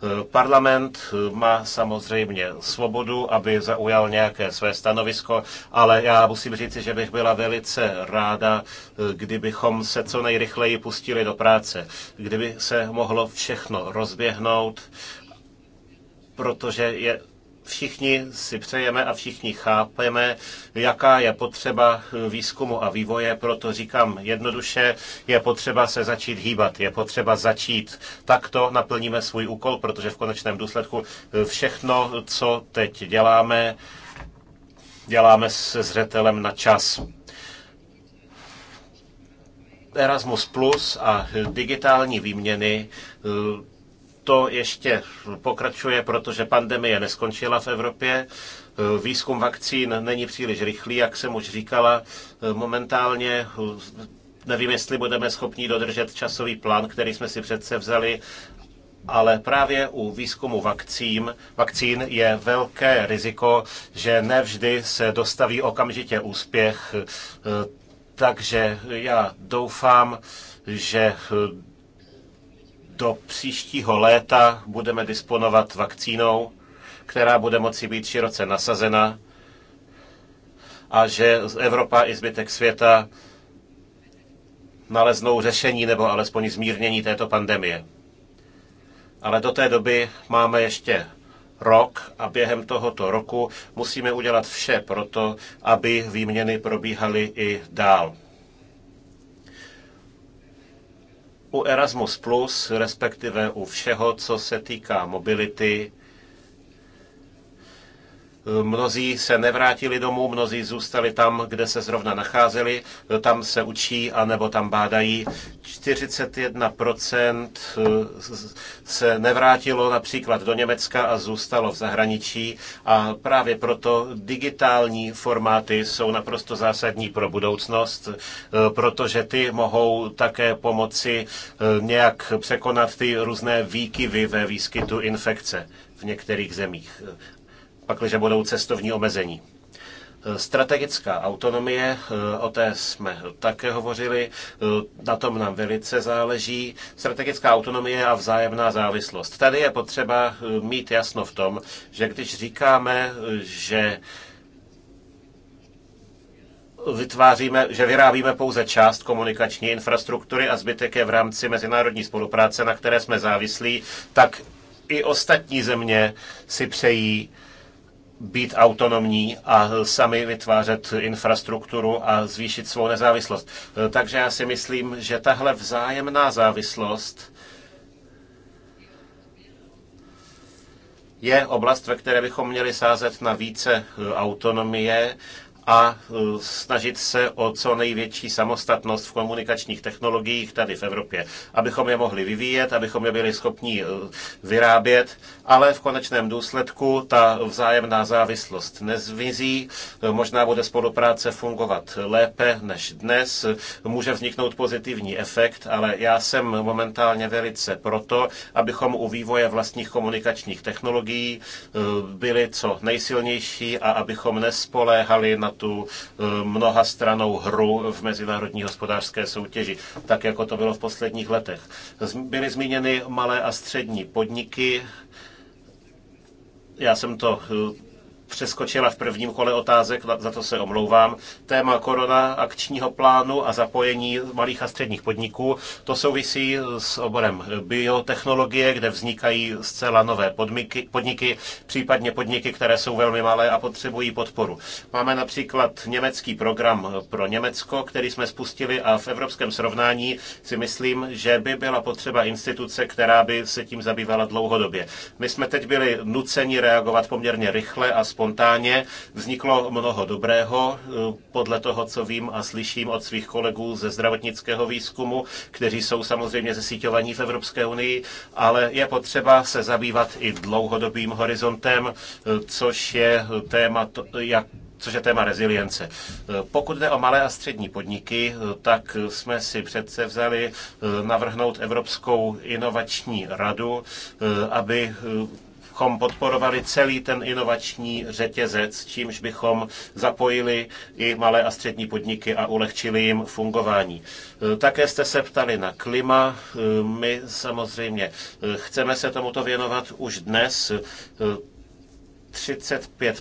Eh, parlament eh, má samozřejmě svobodu, aby zaujal nějaké své stanovisko, ale já musím říci, že bych byla velice ráda, eh, kdybychom se co nejrychleji pustili do práce, kdyby se mohlo všechno rozběhnout, protože je všichni si přejeme a všichni chápeme, jaká je potřeba výzkumu a vývoje, proto říkám jednoduše, je potřeba se začít hýbat, je potřeba začít. Takto naplníme svůj úkol, protože v konečném důsledku eh, všechno, co teď děláme, děláme se zřetelem na čas. Erasmus Plus a digitální výměny eh, to ještě pokračuje, protože pandemie neskončila v Evropě. Výzkum vakcín není příliš rychlý, jak jsem už říkala. Momentálně nevím, jestli budeme schopni dodržet časový plán, který jsme si přece vzali, ale právě u výzkumu vakcín, vakcín je velké riziko, že nevždy se dostaví okamžitě úspěch. Takže já doufám, že do příštího léta budeme disponovat vakcínou, která bude moci být široce nasazena a že Evropa i zbytek světa naleznou řešení nebo alespoň zmírnění této pandemie. Ale do té doby máme ještě rok a během tohoto roku musíme udělat vše pro to, aby výměny probíhaly i dál. u Erasmus+, respektive u všeho, co se týká mobility, Mnozí se nevrátili domů, mnozí zůstali tam, kde se zrovna nacházeli, tam se učí anebo tam bádají. 41% eh, se nevrátilo například do Německa a zůstalo v zahraničí a právě proto digitální formáty jsou naprosto zásadní pro budoucnost, eh, protože ty mohou také pomoci eh, nějak překonat ty různé výkyvy ve výskytu infekce v některých zemích pakliže budou cestovní omezení. Eh, strategická autonomie, eh, o té jsme také hovořili, eh, na tom nám velice záleží. Strategická autonomie a vzájemná závislost. Tady je potřeba mít jasno v tom, že když říkáme, že vytváříme, že vyrábíme pouze část komunikační infrastruktury a zbytek je v rámci mezinárodní spolupráce, na které jsme závislí, tak i ostatní země si přejí být autonomní a sami vytvářet infrastrukturu a zvýšit svou nezávislost. E, takže já si myslím, že tahle vzájemná závislost je oblast, ve které bychom měli sázet na více e, autonomie a eh, snažit se o co největší samostatnost v komunikačních technologiích tady v Evropě, abychom je mohli vyvíjet, abychom je byli schopni eh, vyrábět, ale v konečném důsledku ta vzájemná závislost nezvizí, eh, možná bude spolupráce fungovat lépe než dnes, může vzniknout pozitivní efekt, ale já jsem momentálně velice proto, abychom u vývoje vlastních komunikačních technologií byli co nejsilnější a abychom nespoléhali na tu eh, mnohastranou hru v mezinárodní hospodářské soutěži, tak jako to bylo v posledních letech. Byly zmíněny malé a střední podniky. Já jsem to eh, přeskočila v prvním kole otázek, za to se omlouvám. Téma korona, akčního plánu a zapojení malých a středních podniků, to souvisí s oborem biotechnologie, kde vznikají zcela nové podmiky, podniky, případně podniky, které jsou velmi malé a potřebují podporu. Máme například německý program pro Německo, který jsme spustili a v evropském srovnání si myslím, že by byla potřeba instituce, která by se tím zabývala dlouhodobě. My jsme teď byli nuceni reagovat poměrně rychle a spolu spontánně. Vzniklo mnoho dobrého, eh, podle toho, co vím a slyším od svých kolegů ze zdravotnického výzkumu, kteří jsou samozřejmě zesíťovaní v Evropské unii, ale je potřeba se zabývat i dlouhodobým horizontem, eh, což je téma, jak což je téma rezilience. Eh, pokud jde o malé a střední podniky, tak jsme si přece vzali navrhnout Evropskou inovační radu, aby bychom podporovali celý ten inovační řetězec, čímž bychom zapojili i malé a střední podniky a ulehčili jim fungování. E, také jste se ptali na klima. E, my samozřejmě e, chceme se tomuto věnovat už dnes. 35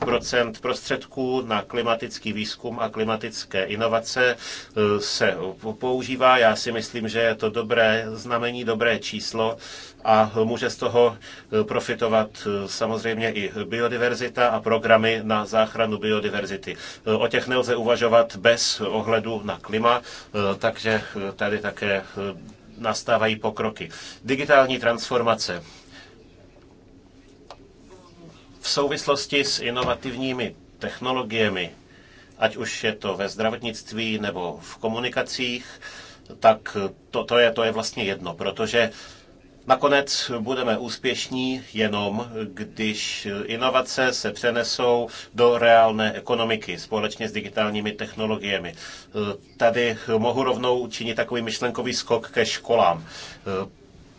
prostředků na klimatický výzkum a klimatické inovace eh, se používá. Já si myslím, že je to dobré znamení, dobré číslo a může z toho eh, profitovat eh, samozřejmě i biodiverzita a programy na záchranu biodiverzity. O těch nelze uvažovat bez ohledu na klima, takže tady také nastávají pokroky. Digitální transformace v souvislosti s inovativními technologiemi, ať už je to ve zdravotnictví nebo v komunikacích, tak to, to, je, to je vlastně jedno, protože Nakonec budeme úspěšní jenom, když inovace se přenesou do reálné ekonomiky společně s digitálními technologiemi. Tady mohu rovnou učinit takový myšlenkový skok ke školám.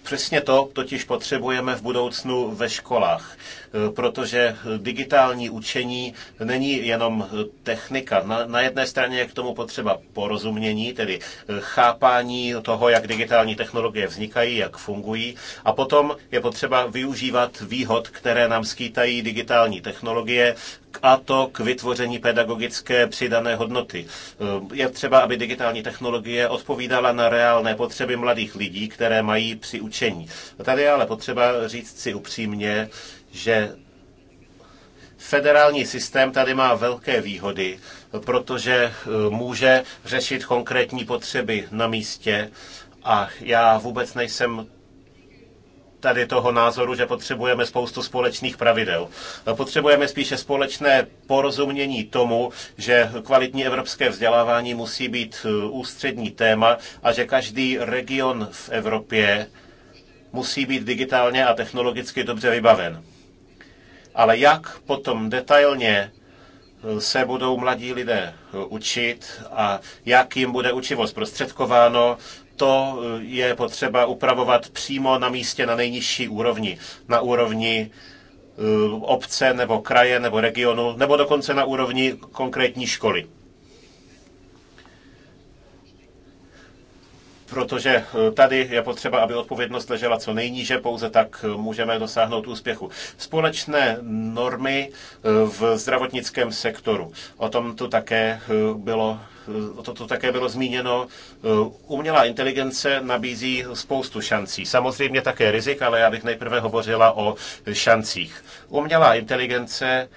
Přesně to totiž potřebujeme v budoucnu ve školách, e, protože digitální učení není jenom technika. Na, na jedné straně je k tomu potřeba porozumění, tedy e, chápání toho, jak digitální technologie vznikají, jak fungují, a potom je potřeba využívat výhod, které nám skýtají digitální technologie, a to k vytvoření pedagogické přidané hodnoty. Eh, je třeba, aby digitální technologie odpovídala na reálné potřeby mladých lidí, které mají při učení. Tady je ale potřeba říct si upřímně, že federální systém tady má velké výhody, protože eh, může řešit konkrétní potřeby na místě. A já vůbec nejsem tady toho názoru, že potřebujeme spoustu společných pravidel. Potřebujeme spíše společné porozumění tomu, že kvalitní evropské vzdělávání musí být eh, ústřední téma a že každý region v Evropě musí být digitálně a technologicky dobře vybaven. Ale jak potom detailně eh, se budou mladí lidé eh, učit a jak jim bude učivo zprostředkováno, to eh, je potřeba upravovat přímo na místě na nejnižší úrovni, na úrovni eh, obce nebo kraje nebo regionu, nebo dokonce na úrovni konkrétní školy. protože eh, tady je potřeba, aby odpovědnost ležela co nejníže, pouze tak eh, můžeme dosáhnout úspěchu. Společné normy eh, v zdravotnickém sektoru. O tom tu také bylo to, to také bylo zmíněno, umělá inteligence nabízí spoustu šancí. Samozřejmě také rizik, ale já bych nejprve hovořila o šancích. Umělá inteligence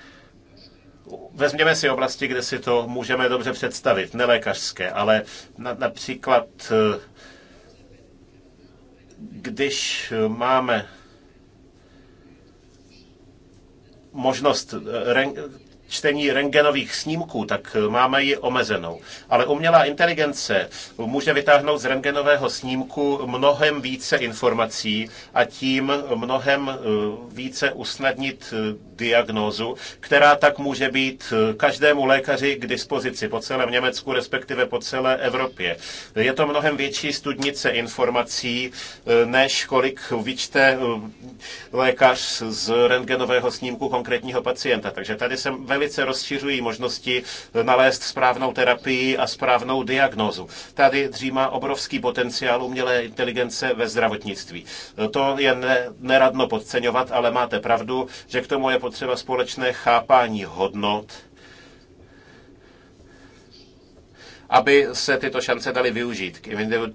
Vezměme si oblasti, kde si to můžeme dobře představit, nelékařské, ale na, například eh, když máme možnost eh, čtení rengenových snímků, tak eh, máme ji omezenou. Ale umělá inteligence může vytáhnout z rengenového snímku mnohem více informací a tím mnohem eh, více usnadnit eh, diagnózu, která tak může být každému lékaři k dispozici po celém Německu, respektive po celé Evropě. Je to mnohem větší studnice informací, než kolik vyčte lékař z rengenového snímku konkrétního pacienta. Takže tady jsem ve velice rozšiřují možnosti nalézt správnou terapii a správnou diagnózu. Tady dříma obrovský potenciál umělé inteligence ve zdravotnictví. To je neradno podceňovat, ale máte pravdu, že k tomu je potřeba společné chápání hodnot aby se tyto šance daly využít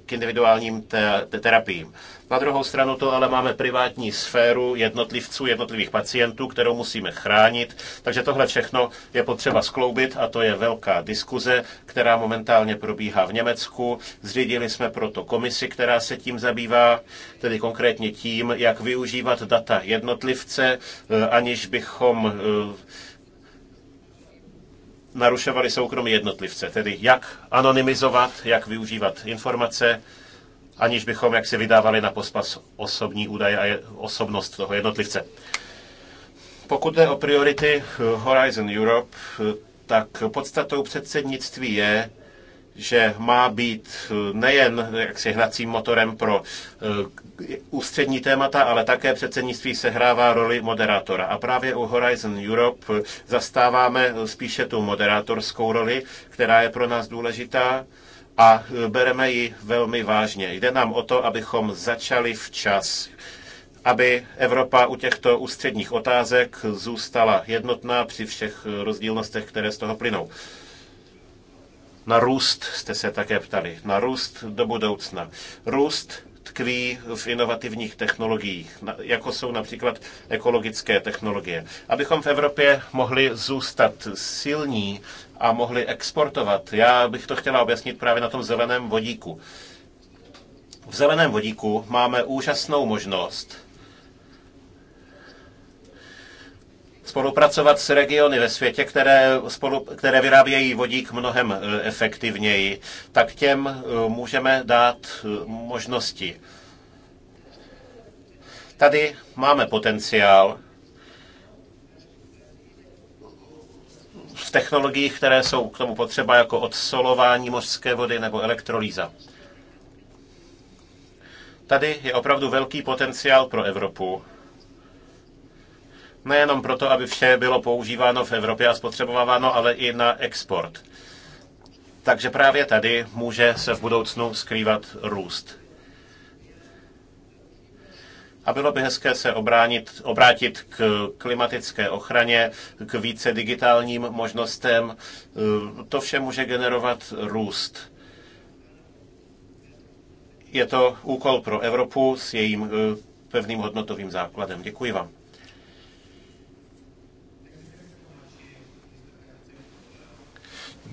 k individuálním te- terapiím. Na druhou stranu to ale máme privátní sféru jednotlivců, jednotlivých pacientů, kterou musíme chránit, takže tohle všechno je potřeba skloubit a to je velká diskuze, která momentálně probíhá v Německu. Zřídili jsme proto komisi, která se tím zabývá, tedy konkrétně tím, jak využívat data jednotlivce, eh, aniž bychom eh, narušovali soukromí jednotlivce, tedy jak anonymizovat, jak využívat informace, aniž bychom jaksi vydávali na pospas osobní údaje a osobnost toho jednotlivce. Pokud jde o priority eh, Horizon Europe, eh, tak podstatou předsednictví je, že má být eh, nejen jaksi hnacím motorem pro ústřední témata, ale také předsednictví se hrává roli moderátora. A právě u Horizon Europe zastáváme spíše tu moderátorskou roli, která je pro nás důležitá a bereme ji velmi vážně. Jde nám o to, abychom začali včas aby Evropa u těchto ústředních otázek zůstala jednotná při všech rozdílnostech, které z toho plynou. Na růst jste se také ptali. Na růst do budoucna. Růst tkví v inovativních technologiích, jako jsou například ekologické technologie. Abychom v Evropě mohli zůstat silní a mohli exportovat. Já bych to chtěla objasnit právě na tom zeleném vodíku. V zeleném vodíku máme úžasnou možnost spolupracovat s regiony ve světě, které, spolu, které vyrábějí vodík mnohem e, efektivněji, tak těm e, můžeme dát e, možnosti. Tady máme potenciál v technologiích, které jsou k tomu potřeba, jako odsolování mořské vody nebo elektrolýza. Tady je opravdu velký potenciál pro Evropu. Nejenom proto, aby vše bylo používáno v Evropě a spotřebováváno, ale i na export. Takže právě tady může se v budoucnu skrývat růst. A bylo by hezké se obránit, obrátit k klimatické ochraně, k více digitálním možnostem. Eh, to vše může generovat růst. Je to úkol pro Evropu s jejím eh, pevným hodnotovým základem. Děkuji vám.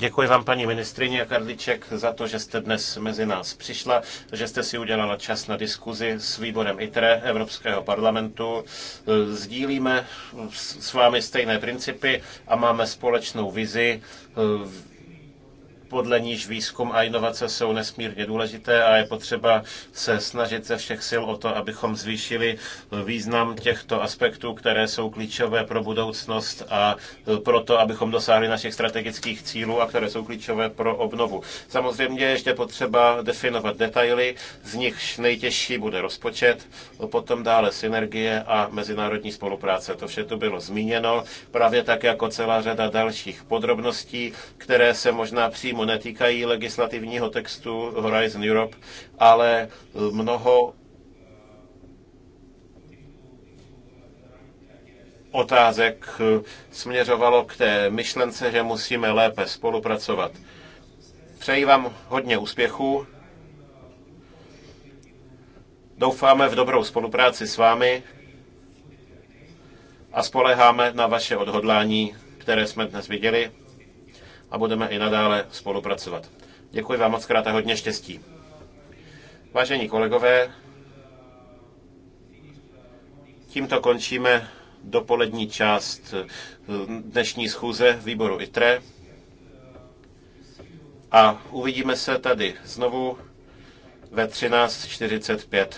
Děkuji vám, paní ministrině Karliček, za to, že jste dnes mezi nás přišla, že jste si udělala čas na diskuzi s výborem ITRE Evropského parlamentu. Sdílíme s vámi stejné principy a máme společnou vizi podle níž výzkum a inovace jsou nesmírně důležité a je potřeba se snažit ze všech sil o to, abychom zvýšili význam těchto aspektů, které jsou klíčové pro budoucnost a pro to, abychom dosáhli našich strategických cílů a které jsou klíčové pro obnovu. Samozřejmě je ještě potřeba definovat detaily, z nichž nejtěžší bude rozpočet, potom dále synergie a mezinárodní spolupráce. To vše tu bylo zmíněno, právě tak jako celá řada dalších podrobností, které se možná přímo přímo netýkají legislativního textu Horizon Europe, ale mnoho otázek směřovalo k té myšlence, že musíme lépe spolupracovat. Přeji vám hodně úspěchů. Doufáme v dobrou spolupráci s vámi a spoleháme na vaše odhodlání, které jsme dnes viděli a budeme i nadále spolupracovat. Děkuji vám moc krát a hodně štěstí. Vážení kolegové, tímto končíme dopolední část eh, dnešní schůze výboru ITRE a uvidíme se tady znovu ve 13.45,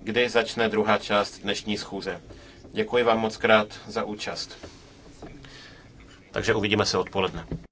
kdy začne druhá část dnešní schůze. Děkuji vám moc krát za účast. Takže uvidíme se odpoledne.